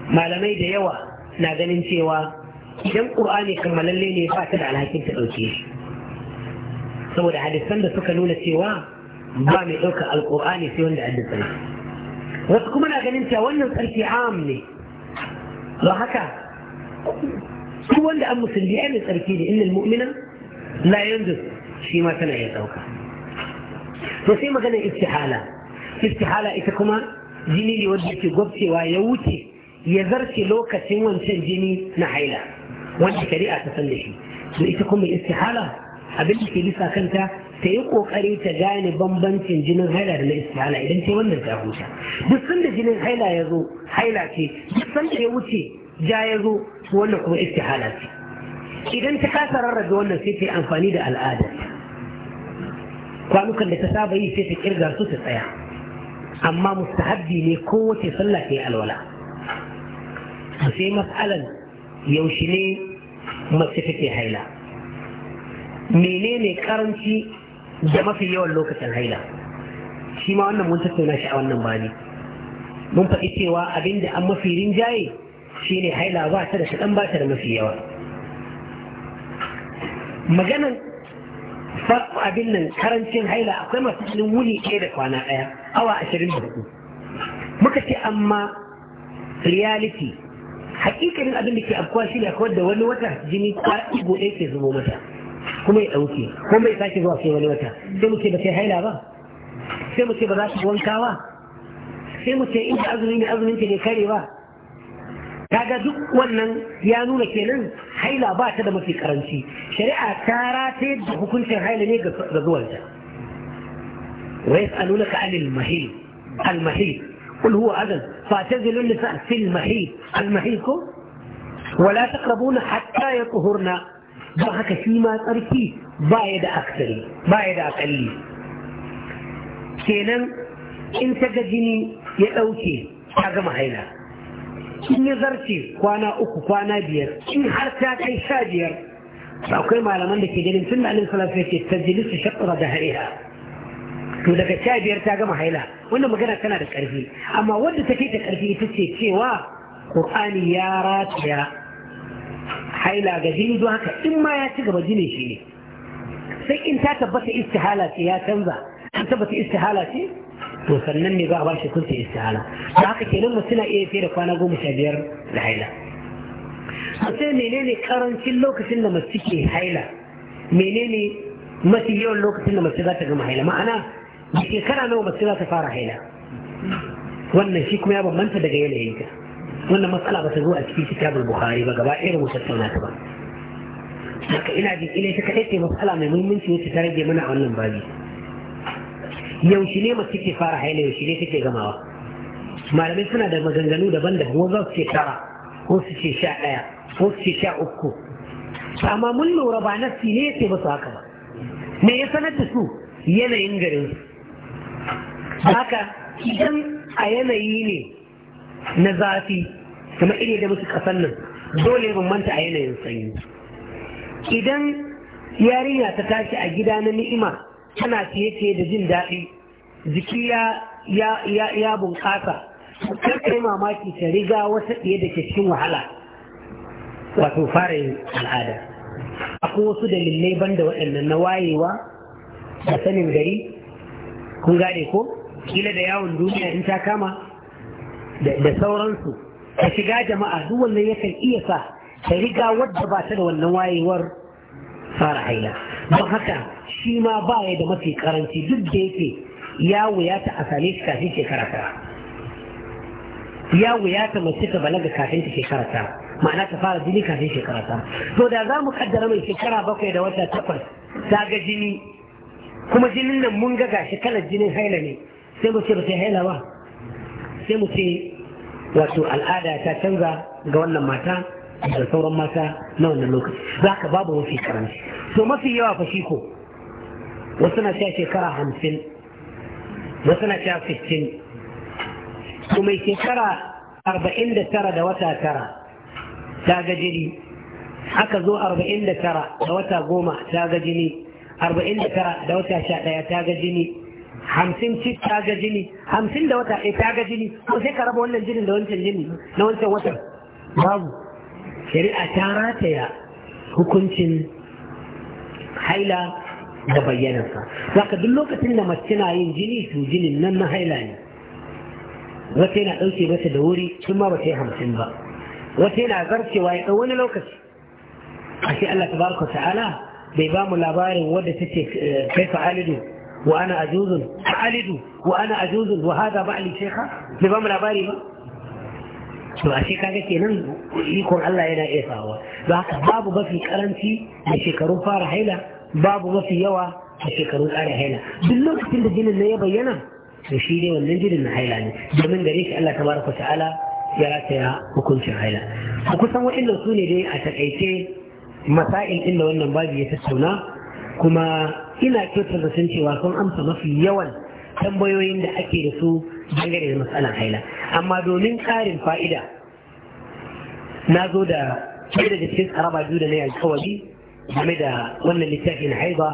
malamai da yawa na ganin cewa idan ƙur'ani kammalalle ne ba ta da alhakin ta ɗauke shi saboda hadisan da suka nuna cewa ba mai ɗaukar alƙur'ani sai wanda addisana wasu kuma na ganin cewa wannan tsarki am ne don haka su wanda an musulmi ai mai tsarki ne inda mu'mina la yanzu shi ma tana iya ɗauka to sai maganar istihala istihala ita kuma jini ne wanda yake gwabcewa ya wuce ya zarce lokacin wancan jini na haila wanda shari'a ta san da shi to ita kuma istihala abin da ke bisa kanta ta yi kokari ta gane bambancin jinin haila da na istihala idan ce wannan ta huta duk sanda jinin haila ya zo haila ce duk sanda ya wuce ja ya zo wannan kuma istihala ce idan ta kasa rarrabe wannan sai ta yi amfani da al'ada kwanukan da ta saba yi sai ta kirga su ta tsaya amma mustahabbi ne kowace sallah ta yi alwala sai matsalan yaushe ne mace take haila menene karanci da mafi yawan lokacin haila shi ma wannan mun tattauna shi a wannan bani mun faɗi cewa abinda an mafi rinjaye shine haila ba ta da kaɗan ba ta da mafi yawa maganan abin nan karancin haila akwai masu cikin wuni ɗaya da kwana ɗaya awa ashirin da hudu muka ce amma reality hakikalin abin da ke afkuwa shi ne kawar da wani wata jini ta igo ɗaya ke zubo mata kuma ya ɗauke kuma bai sake zuwa sai wani wata sai mu ce ba sai haila ba sai mu ce ba za ta wanka ba sai mu ce inda azumi ne azumin ta ne kare ba kaga duk wannan ya nuna kenan haila ba ta da mafi karanci shari'a ta rataye da hukuncin haila ne ga zuwanta wa yas'alunaka anil mahil al mahil qul huwa adan فاعتزلوا اللسان في المحيط المحيطكم ولا تقربون حتى يطهرنا ضحك فيما تركي بايد اكثر بايد اقل كينا ان تجدني يدوكي كاغا هينا اني زرتي وانا اكو وانا بير ان حرتا كي شادير فاكو ما لمن دكي جنين سنة عليه الصلاة والسلام تجلس شقرة دهريها to daga sha biyar ta gama haila wannan magana tana da ƙarfi amma wanda take da ƙarfi ita ce cewa ƙur'ani ya rataya haila ga jini don haka in ma ya ci gaba jini shi ne sai in ta tabbata istihala ce ya canza an tabbata istihala ce to sannan ne za a bashi shi kunta istihala don haka kenan mutum na iya fiye da kwana goma sha biyar da haila sai menene karancin lokacin da mace ke haila menene mafi yawan lokacin da mace za ta gama haila ma'ana a kana nawa mace za ta fara haila wannan shi kuma ya bambanta daga yanayinta wannan matsala ba ta zo a cikin kitabul bukhari ba gaba ɗaya mu tattauna ta ba haka ina jin ina ta kaɗai ce matsala mai muhimmanci wacce ta rage mana a wannan babi yaushe ne mace ke fara haila yaushe ne take gamawa malamai suna da maganganu daban da ko za su ce tara ko su ce sha ɗaya ko su ce sha uku amma mun lura ba nasi ne ya ce ba su haka ba me ya sanar da su yanayin garin su haka idan a yanayi ne na zafi kuma iri da musu kasan nan dole manta a yanayin sanyi idan yarinya ta tashi a gida na ni'ima tana fiye-fiye da jin daɗi jiki ya bunƙasa kar kai mamaki ta riga wata ɗaya da cikin wahala wato fara yin al'ada akwai wasu dalilai banda waɗannan na wayewa da sanin gari kun gaɗe ko kila da yawon duniya in ta kama da sauransu ka shiga jama'a duk wannan yakan iya sa ka riga wadda ba ta da wannan wayewar fara haila don haka shi ma ba ya da mafi karanci duk da yake ya wuyata a same shi kafin shekara tara ya wuyata mace ta balaga kafin ta shekara ta ma'ana ta fara jini kafin shekara ta to da za mu kaddara mai shekara bakwai da wata takwas ta ga jini kuma jinin nan mun ga gashi kalar jinin haila ne sai mu ce ba sai haila ba sai mu ce wato al'ada ta canza ga wannan mata da sauran mata na wannan lokaci za ka babu mafi karanci so mafi yawa fa shi ko wasu na sha shekara hamsin wasu na sha fifteen to mai shekara arba'in da tara da wata tara ta ga jini aka zo arba'in da tara da wata goma ta ga jini arba'in da tara da wata sha ɗaya ta ga jini hamsin ci ta ga jini hamsin da wata ɗaya ta ga jini ko sai ka raba wannan jinin da wancan jini na wancan watan babu shari'a ta rataya hukuncin haila da bayyanarsa zaka duk lokacin da mace na yin jini to jinin nan na haila ne wata yana ɗauke mata da wuri tun ma ba ta yi hamsin ba wata yana zarcewa ya ɗan wani lokaci ashe Allah tabaraka ta'ala bai ba mu labarin wadda take eh, kai fa'alidu وأنا أجوز ألد وأنا أجوز وهذا بعلي ba لبام labari ba to a shi kaga kenan ikon Allah yana iya sawa don haka babu mafi karanci a shekarun fara haila babu mafi yawa a shekarun ƙara haila duk lokacin da jinin na ya bayyana to shi ne wannan jinin na haila ne domin gare shi Allah tabaraka ta'ala ya rataya hukuncin haila a kusan waɗannan su ne dai a taƙaice masa'il ɗin da wannan babu ya tattauna kuma ina kyautar da sun cewa sun amsa mafi yawan tambayoyin da ake da su dangane da matsalan haila amma domin karin fa'ida na zo da ɗaya daga cikin karaba biyu da na yi alkawari game da wannan littafin haiba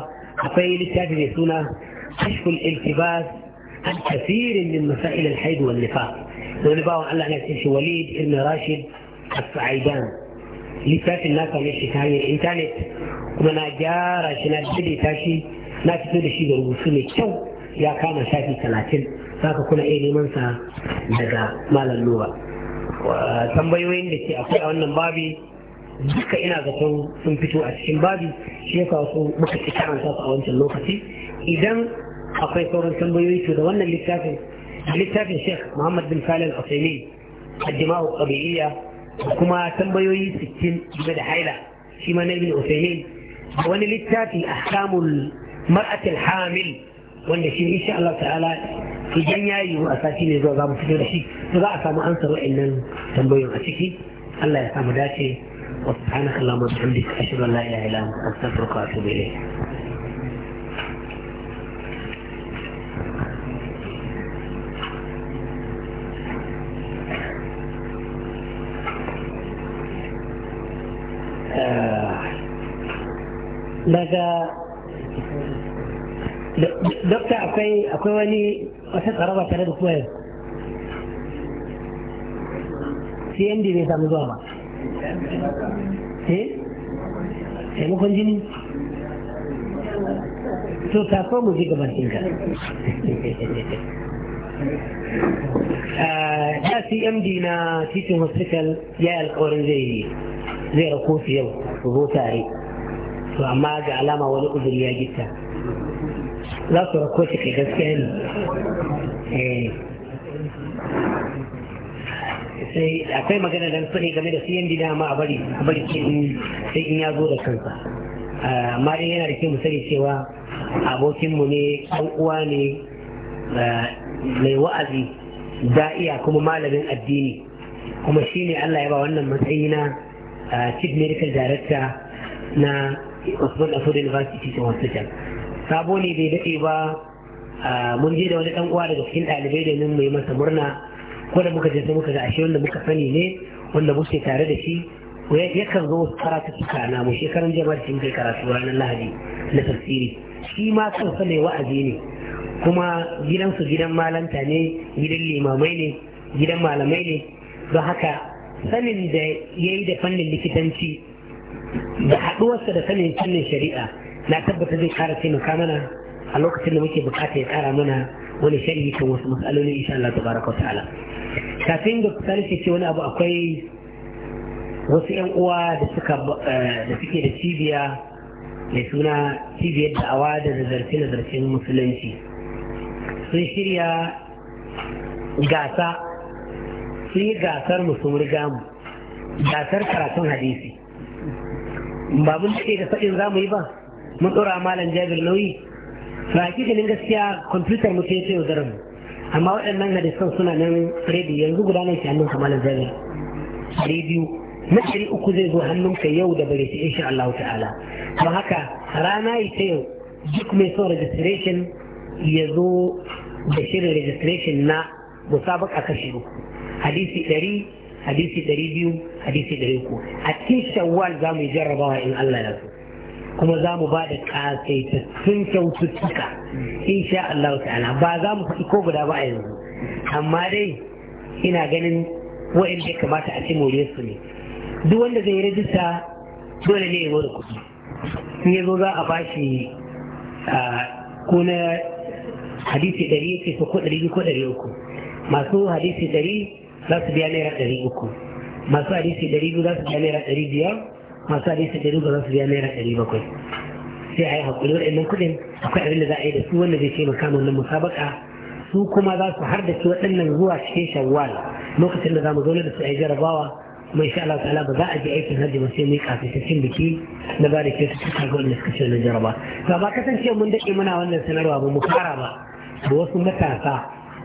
akwai littafi mai suna kashful iltibas an kasirin min masail alhaid wal nifaq da wani bawan Allah ya ce shi Walid ibn Rashid as-Sa'idan littafin na same shi ta hanyar intanet kuma na gyara shi na daidaita shi na fito da shi da rubutu mai kyau ya kama shafi talatin zaka kuna iya neman sa daga malam luwa tambayoyin da ke akwai a wannan babi duka ina zaton sun fito a cikin babi shi ya kawo muka ci karanta su a wancan lokaci idan akwai sauran tambayoyi to da wannan littafin littafin sheikh muhammad bin salih al-usaimi al-jima'u qabi'iyya kuma tambayoyi 60 game da haila shi ma na ibn usaimi wani littafi ahkamul مرأة الحامل إن شاء الله تعالى في جنيا يو أساسين يزوى ذا مفتر شيء فضاء أسامة أنصر وإنن تنبوي أسكي الله يسامة داتي وسبحانك اللهم وبحمدك أشهد أن لا إله إلا أنت أستغفرك وأتوب إليك لذا آه. dokta akwai akwai wani wata tsaraba tare da kuma yau cmd bai samu zuwa ba eh taimakon jini to ta ko mu ji gaban ka ah, da cmd na titin hospital ya yi alkawarin zai zai rako su yau su zo tare to amma ga alama wani uzuri ya gita za su rako shi kai gaskiya ne eh. sai akwai magana dan sani game da siyan dina ma a bari a bari sai in ya zo da kansa ah, amma dai yana da kyau cewa abokinmu ne ɗan uwa ne mai wa'azi da'iya kuma malamin addini kuma shi ne Allah ya ba wannan matsayi na ah, chief medical director na Osman Afford University of Hospital sabo ne bai daɗe ba mun je da wani ɗan uwa daga cikin ɗalibai domin mai masa murna ko da muka je sai muka ga ashe wanda muka sani ne wanda muke tare da shi yakan zo wasu karatu suka na mu shekaran jama'a da shi kai karatu ranar lahadi na tafsiri shi ma kansa mai wa'azi ne kuma gidansu gidan malanta ne gidan limamai ne gidan malamai ne don haka sanin da ya yi da fannin likitanci da haɗuwarsa da sanin fannin shari'a na tabbata zai kara taimaka mana a lokacin da muke bukata ya kara mana wani sharhi kan wasu matsaloli insha Allah tabaraka ta'ala kafin da sarki ce wani abu akwai wasu yan uwa da suka eh, da suke da cibiya mai suna cibiyar da'awa da nazarce nazarcen musulunci sun shirya gasa sun yi gasar riga mu gasar karatun hadisi ba mun da faɗin za mu yi ba mun ɗora malam jabir nauyi ba gaskiya kwamfutar mu ce yau daren amma waɗannan hadisan suna nan rediyo yanzu guda nan shi hannun ka malam jabir rediyo na ɗari uku zai zo hannun ka yau da bare insha Allah ta'ala don haka rana ta yau duk mai son registration ya zo da shirin registration na musabaka kashi uku hadisi ɗari hadisi ɗari biyu hadisi ɗari uku a cikin shawwal za mu yi jarrabawa in Allah ya so kuma za mu ba da ƙasaitattun kyaututtuka insha Allah ta'ala ba za mu faɗi ko guda ba a yanzu amma dai ina ganin wa'in da kamata a ce more su ne duk wanda zai rajista dole ne ya da kuɗi in ya zo za a bashi ko na hadisi ɗari ce ko ɗari biyu ko ɗari uku masu hadisi ɗari za su biya naira ɗari uku masu hadisi ɗari biyu za su biya naira ɗari biyar masu hadisi ɗari ba za su biya naira ɗari bakwai sai a yi haƙuri waɗannan kuɗin akwai abin da za a yi da su wanda zai taimaka mu na musabaka su kuma za su har da su waɗannan zuwa cikin shawwal lokacin da za mu zauna da su a yi jarabawa kuma insha Allah ta'ala ba za a je aikin hajji ba sai mu yi kafin biki na ba da ke su suka ga wanda suka ce jaraba to ba kasance mun daɗe muna wannan sanarwa ba mu fara ba da wasu matasa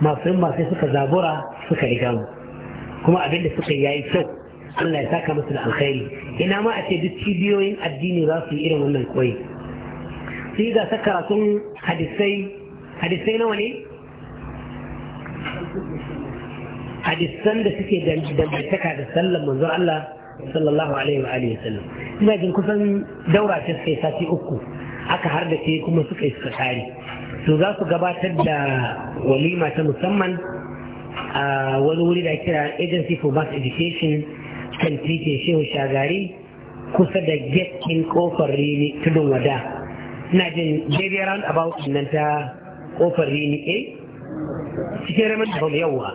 masu yin masu suka zabura suka riga mu kuma abin da suka yayi kyau Allah ya saka musu da alkhairi ina ma a ce duk cibiyoyin addini za su yi irin wannan koyi sai ga saka hadisai hadisai nawa ne hadisan da suke dangantaka da sallan manzon Allah sallallahu alaihi wa alihi sallam ina jin kusan daura ta sai sati uku aka har da kuma suka yi suka kare to za su gabatar da walima ta musamman a wani wuri da kira agency for mass education kan titin shehu shagari kusa da get kofar rini tudun wada ina jin daidai round about nan ta kofar rini eh cikin ramin da yawa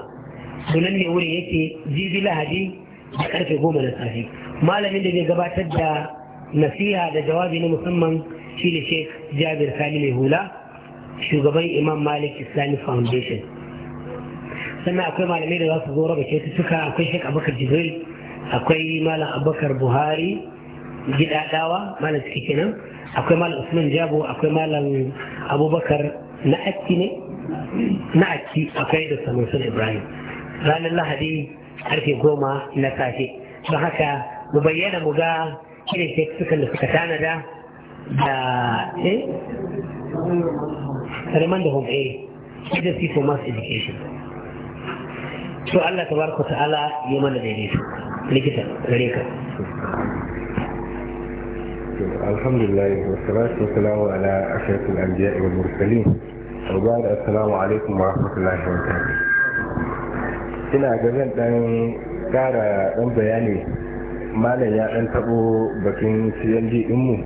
sunan ne wuri yake jibi lahadi da karfe goma na safe malamin da zai gabatar da nasiha da jawabi na musamman shine sheikh jabir sani mai hula shugaban imam malik islamic foundation sannan akwai malamai da za su zo raba kyaututtuka akwai sheikh abubakar jibril akwai malam abubakar buhari gidadawa malam suke kenan akwai malam usman jabo akwai malam abubakar na akki ne na akwai da ibrahim ranar lahadi karfe goma na safe don haka mu bayyana mu ga irin tekstukan da suka tanada da eh Raymond da Home A, eh? Agency for Mass Education. To Allah tabaraka ta'ala ya mana daidaito. likita gare ka الحمد لله والصلاة والسلام على أشرف الأنبياء والمرسلين assalamu alaikum wa rahmatullahi wa barakatuh ina ga zan dan kara dan bayani malam ya dan tabo bakin CND dinmu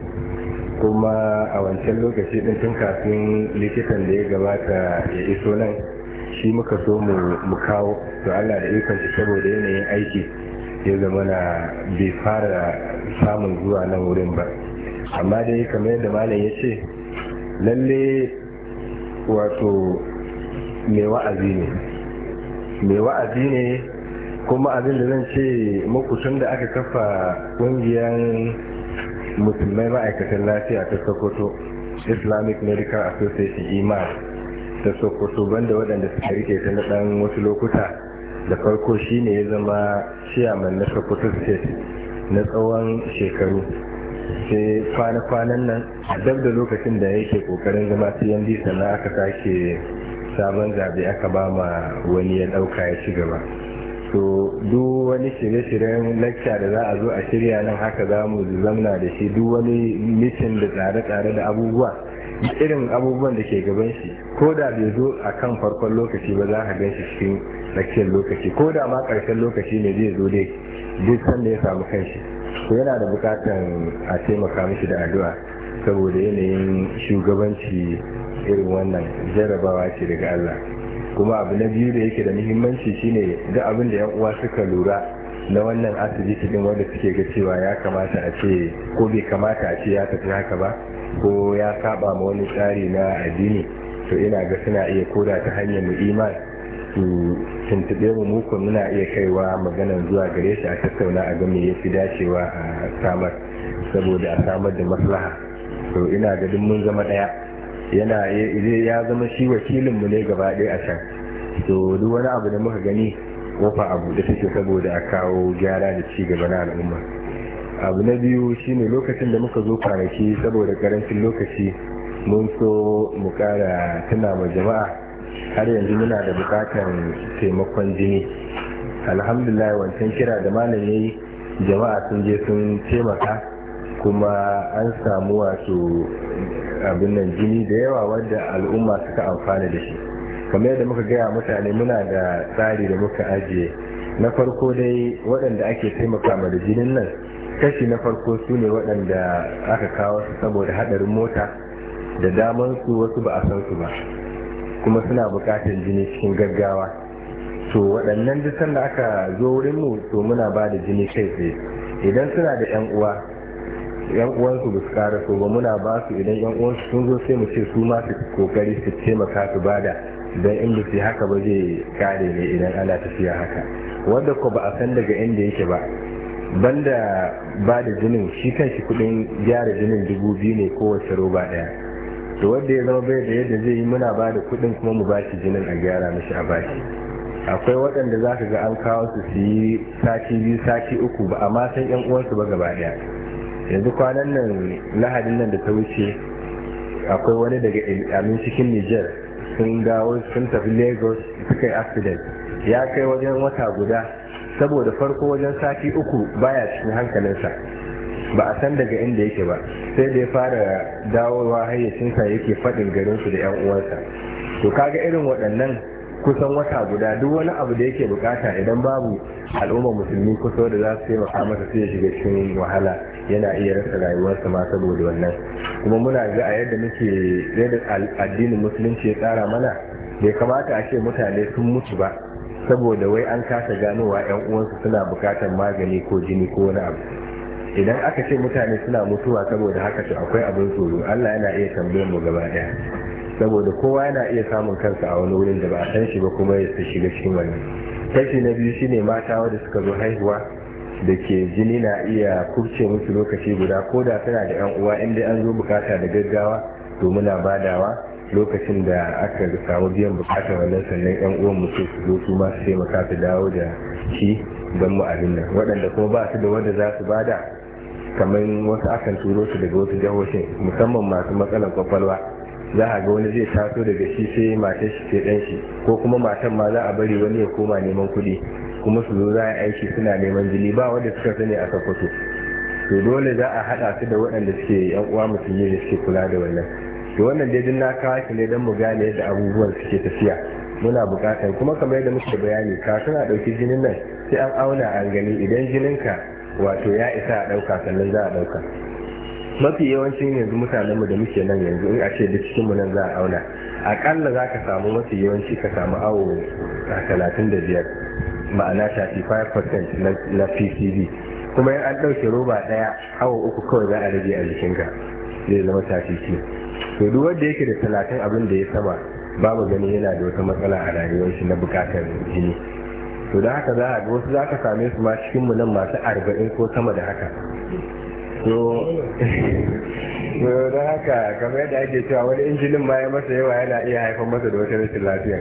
kuma a wancan lokaci din tun kafin likitan da ya gabata ya iso nan shi muka so mu kawo to Allah da ikon shi saboda yanayin aiki ya zama na bai fara samun zuwa nan wurin ba amma dai kamar yadda malam ya ce lalle wato mai wa'azi ne mai wa'azi ne kuma abin da zan ce muku tun da aka kafa ƙungiyar musulmai ma'aikatan lafiya ta sokoto islamic medical association imar ta sokoto banda waɗanda suka rike ta na ɗan wasu lokuta da farko shine ya zama chairman na sokoto state na tsawon shekaru sai kwana-kwanan nan dab da lokacin da yake kokarin zama cmd sannan aka sake sabon zabe aka ba ma wani ya dauka ya ci gaba to duk wani shirye-shiryen lacca da za a zo a shirya nan haka za mu zamna da shi duk wani mitin da tsare-tsare da abubuwa irin abubuwan da ke gaban shi ko da bai zo a kan farkon lokaci ba za a gan shi cikin tsakiyar lokaci ko da ma ƙarshen lokaci ne zai zo dai duk da ya samu kanshi ko yana da bukatan a taimaka mishi da addu'a saboda yanayin shugabanci irin wannan jarabawa ce daga Allah kuma abu na biyu da yake da muhimmanci shine da abin da yan uwa suka lura na wannan asibiti din wanda suke ga cewa ya kamata a ce ko bai kamata a ce ya tafi haka ba ko ya saba ma wani tsari na addini to ina ga suna iya koda ta hanyar mu iman su tuntube mu ko muna iya kaiwa maganan zuwa gare shi a tattauna a game ya fi dacewa a samar saboda a samar da maslaha to ina ga duk mun zama ɗaya yana ya zama shi wakilin mu ne gaba ɗaya a can to duk wani abu da muka gani kofa a buɗe take saboda a kawo gyara da ci gaba na al'umma abu na biyu shine lokacin da muka zo kwanaki saboda karancin lokaci mun so mu kara tuna ma jama'a har yanzu muna da bukatan taimakon jini alhamdulillah wancan kira da malam yayi jama'a sun je sun taimaka kuma an samu wato abin nan jini da yawa wadda al'umma suka amfana da shi kamar yadda muka gaya mutane muna da tsari da muka ajiye na farko dai waɗanda ake taimaka ma da jinin nan kashi na farko su ne waɗanda aka kawo su saboda haɗarin mota da damansu wasu ba a san su ba kuma suna bukatar jini cikin gaggawa to waɗannan duk da aka zo wurin mu to muna ba da jini kai tsaye idan suna da yan uwa yan uwansu ba su ƙara so ba muna ba su idan yan uwansu sun zo sai mu ce su ma su kokari su taimaka su bada don in su haka ba zai kare ne idan ana tafiya haka wanda ko ba a san daga inda yake ba banda ba da jinin shi kan shi kudin gyara jinin dubu biyu ne kowace roba ɗaya. da wanda ya zama bai da yadda zai yi muna ba da kuɗin kuma mu ba bashi jinin a gyara mishi a ba shi akwai waɗanda za ka ga an kawo su su yi sati biyu sati uku ba amma matan yan uwansu ba gaba ɗaya yanzu kwanan nan lahadin nan da ta wuce akwai wani daga amin cikin niger sun dawo sun tafi lagos suka yi accident ya kai wajen wata guda saboda farko wajen sati uku baya cikin hankalinsa ba a san daga inda yake ba sai da ya fara dawowa hayyacinsa yake faɗin garin su da 'yan uwansa to kaga irin waɗannan kusan wata guda duk wani abu da yake bukata idan babu al'ummar musulmi kusa da za su taimaka masa sai ya shiga cikin wahala yana iya rasa rayuwarsa ma saboda wannan kuma muna ga a yadda muke yadda addinin musulunci ya tsara mana bai kamata a ce mutane sun mutu ba saboda wai an kasa ganowa 'yan uwansu suna bukatar magani ko jini ko wani abu idan aka ce mutane suna mutuwa saboda haka to akwai abin tsoro Allah yana iya tambayar mu gaba daya saboda kowa yana iya samun kansa a wani wurin da ba a san shi ba kuma ya shiga cikin wannan kashi na biyu shine mata wanda suka zo haihuwa da ke jini na iya kurce musu lokaci guda ko da tana da yan uwa inda an zo bukata da gaggawa to muna badawa lokacin da aka samu biyan bukatar wannan sannan yan uwan mu su zo su ma su taimaka su dawo da shi don mu abin nan waɗanda kuma ba su da wanda za su bada kamar wasu akan turo su daga wasu jihohin musamman masu matsalar kwakwalwa za a ga wani zai taso daga shi sai matar shi ke dan shi ko kuma matan ma za a bari wani ya koma neman kuɗi kuma su zo za a aiki suna neman jini ba wanda suka sani a sakwato to dole za a haɗa su da waɗanda suke yan uwa musulmi da suke kula da wannan to wannan dai duk na kawo shi ne don mu gane yadda abubuwan suke tafiya muna buƙatar kuma kamar yadda muke bayani kafin a ɗauki jinin nan sai an auna an gani idan jininka wato ya isa a ɗauka sannan za a ɗauka mafi yawancin yanzu mutanenmu da muke nan yanzu in a ce duk mu nan za a auna akalla za ka samu mafi yawanci ka samu awo a talatin da biyar ma'ana 35% na pcv kuma in an ɗauke roba ɗaya awo uku kawai za a rage a jikinka zai zama 32 to duk wanda yake da talatin abin da ya sama babu gani yana da wata matsala a rayuwar na bukatar jini to da haka za a ga wasu za ka same su ma cikin mu nan masu arba'in ko sama da haka to da haka kamar yadda ake cewa wani injinin ma ya masa yawa yana iya haifar masa da wata rashin lafiya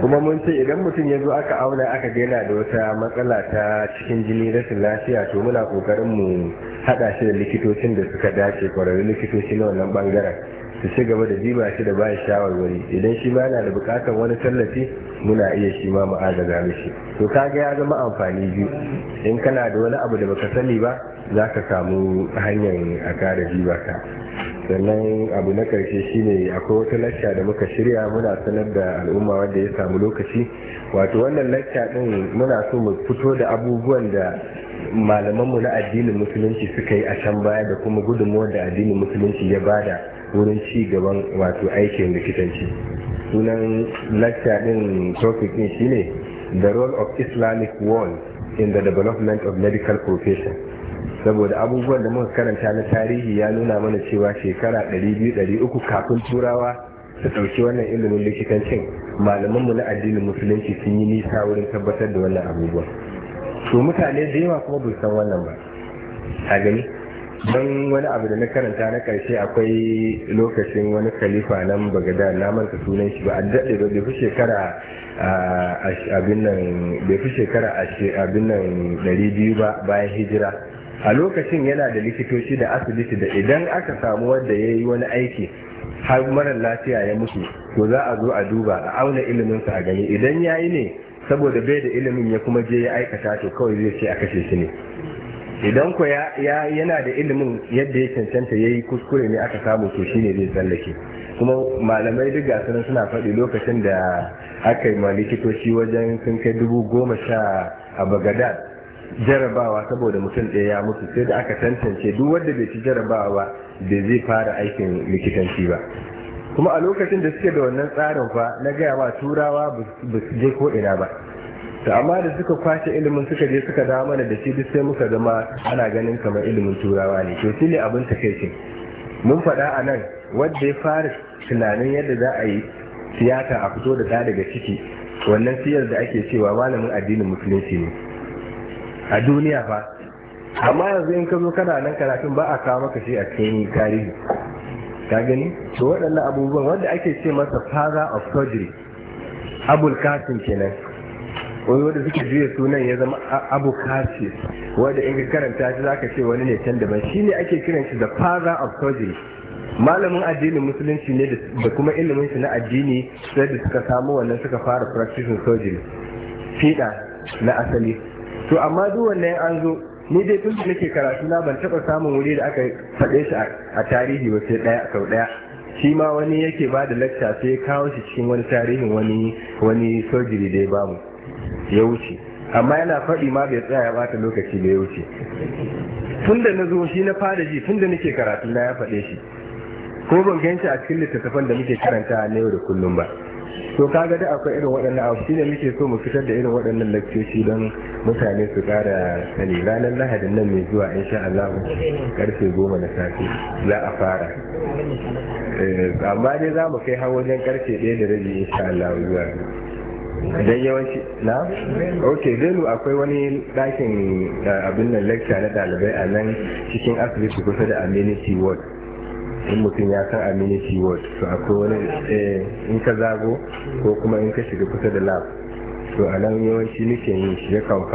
kuma mun ce idan mutum ya zo aka auna aka gaina da wata matsala ta cikin jini rashin lafiya to muna kokarin mu hada shi da likitocin da suka dace kwararrun likitoci na wannan bangaren su ci gaba da jiba shi da bayan shawarwari idan shi ma yana da bukatar wani tallafi muna iya shi ma mu agaza mishi to kaga ya zama amfani biyu in kana da wani abu da baka sani ba za ka samu hanyar a kare ba ka sannan abu na karshe shine akwai wata lacca da muka shirya muna sanar da al'umma wanda ya samu lokaci wato wannan lacca din muna so mu fito da abubuwan da malamanmu na addinin musulunci suka yi a can baya da kuma gudunmuwar da addinin musulunci ya bada wurin ci gaban wato aikin likitanci sunan lecture din topic din shine the role of islamic world in the development of medical profession saboda abubuwan da muka karanta na tarihi ya nuna mana cewa shekara 200-300 kafin turawa su ɗauki wannan ilimin likitancin malamanmu na addinin musulunci sun yi nisa wurin tabbatar da wannan abubuwa to mutane da yawa kuma bai san wannan ba a gani don wani abu da na karanta na karshe akwai lokacin wani khalifa nan bagada na manta sunan shi ba a daɗe ba bai fi shekara abin nan bai ɗari biyu ba bayan hijira a lokacin yana da likitoci da asibiti da idan aka samu wanda ya yi wani aiki har marar lafiya ya mutu to za a zo a duba a auna ilimin iliminsa a gani idan ya yi ne saboda bai da ilimin ya kuma je ya aikata to kawai zai ce a kashe shi ne idan ya yana da ilimin yadda ya cancanta ya yi kuskure ne aka samu to shine zai tsallake kuma malamai duk gasu suna faɗi lokacin da aka yi likitoci wajen sun kai dubu goma sha a bagadad jarabawa saboda mutum ɗaya ya mutu sai da aka tantance duk wadda bai ci jarabawa ba da zai fara aikin likitanci ba kuma a lokacin da suke da wannan tsarin fa na gaya wa turawa ba su je ko ina ba to amma da suka kwace ilimin suka je suka dawo mana da shi duk sai muka zama ana ganin kamar ilimin turawa ne to shine abin ta takaici mun faɗa a nan wanda ya fara tunanin yadda za a yi siyasa a fito da ta daga ciki wannan siyar da ake cewa malamin addinin musulunci ne a duniya fa amma yanzu in ka zo kana nan karatun ba a kawo maka shi a cikin tarihi ka gani to waɗannan abubuwan wanda ake ce masa father of surgery abul kasim kenan wani wanda suke juya sunan ya zama abu kashi wanda in karanta shi zaka ce wani ne can daban shi shine ake kiran shi the father of surgery malamin addinin musulunci ne da kuma ilimin shi na addini sai da suka samu wannan suka fara practicing surgery fiɗa na asali to amma duk wannan an zo ni dai tun da nake karatu na ban taba samun wuri da aka faɗe shi a tarihi ba sai ɗaya sau ɗaya shi ma wani yake ba da lakta sai ya kawo shi cikin wani tarihin wani wani surgery da ya bamu ya wuce amma yana faɗi ma bai tsaya bata lokaci da ya wuce tun da na zo shi na fara ji tun da nake karatu na ya faɗe shi ko ban shi a cikin littattafan da muke karanta na yau da kullum ba to kaga da akwai irin waɗannan abu shine muke so mu fitar da irin waɗannan lakcoci don mutane su ƙara sani ranar lahadin nan mai zuwa insha Allah karfe goma na safe za a fara eh, amma dai za mu kai har wajen karfe ɗaya da rabi insha Allah zuwa dan yawanci na ok zelu akwai wani ɗakin eh, abin nan lecture na ɗalibai a nan cikin asibiti kusa da amenity ward in mutum ya san amenity ward to akwai wani eh, in ka zago ko kuma in ka shiga kusa da lab to a nan yawanci nake yin shi ya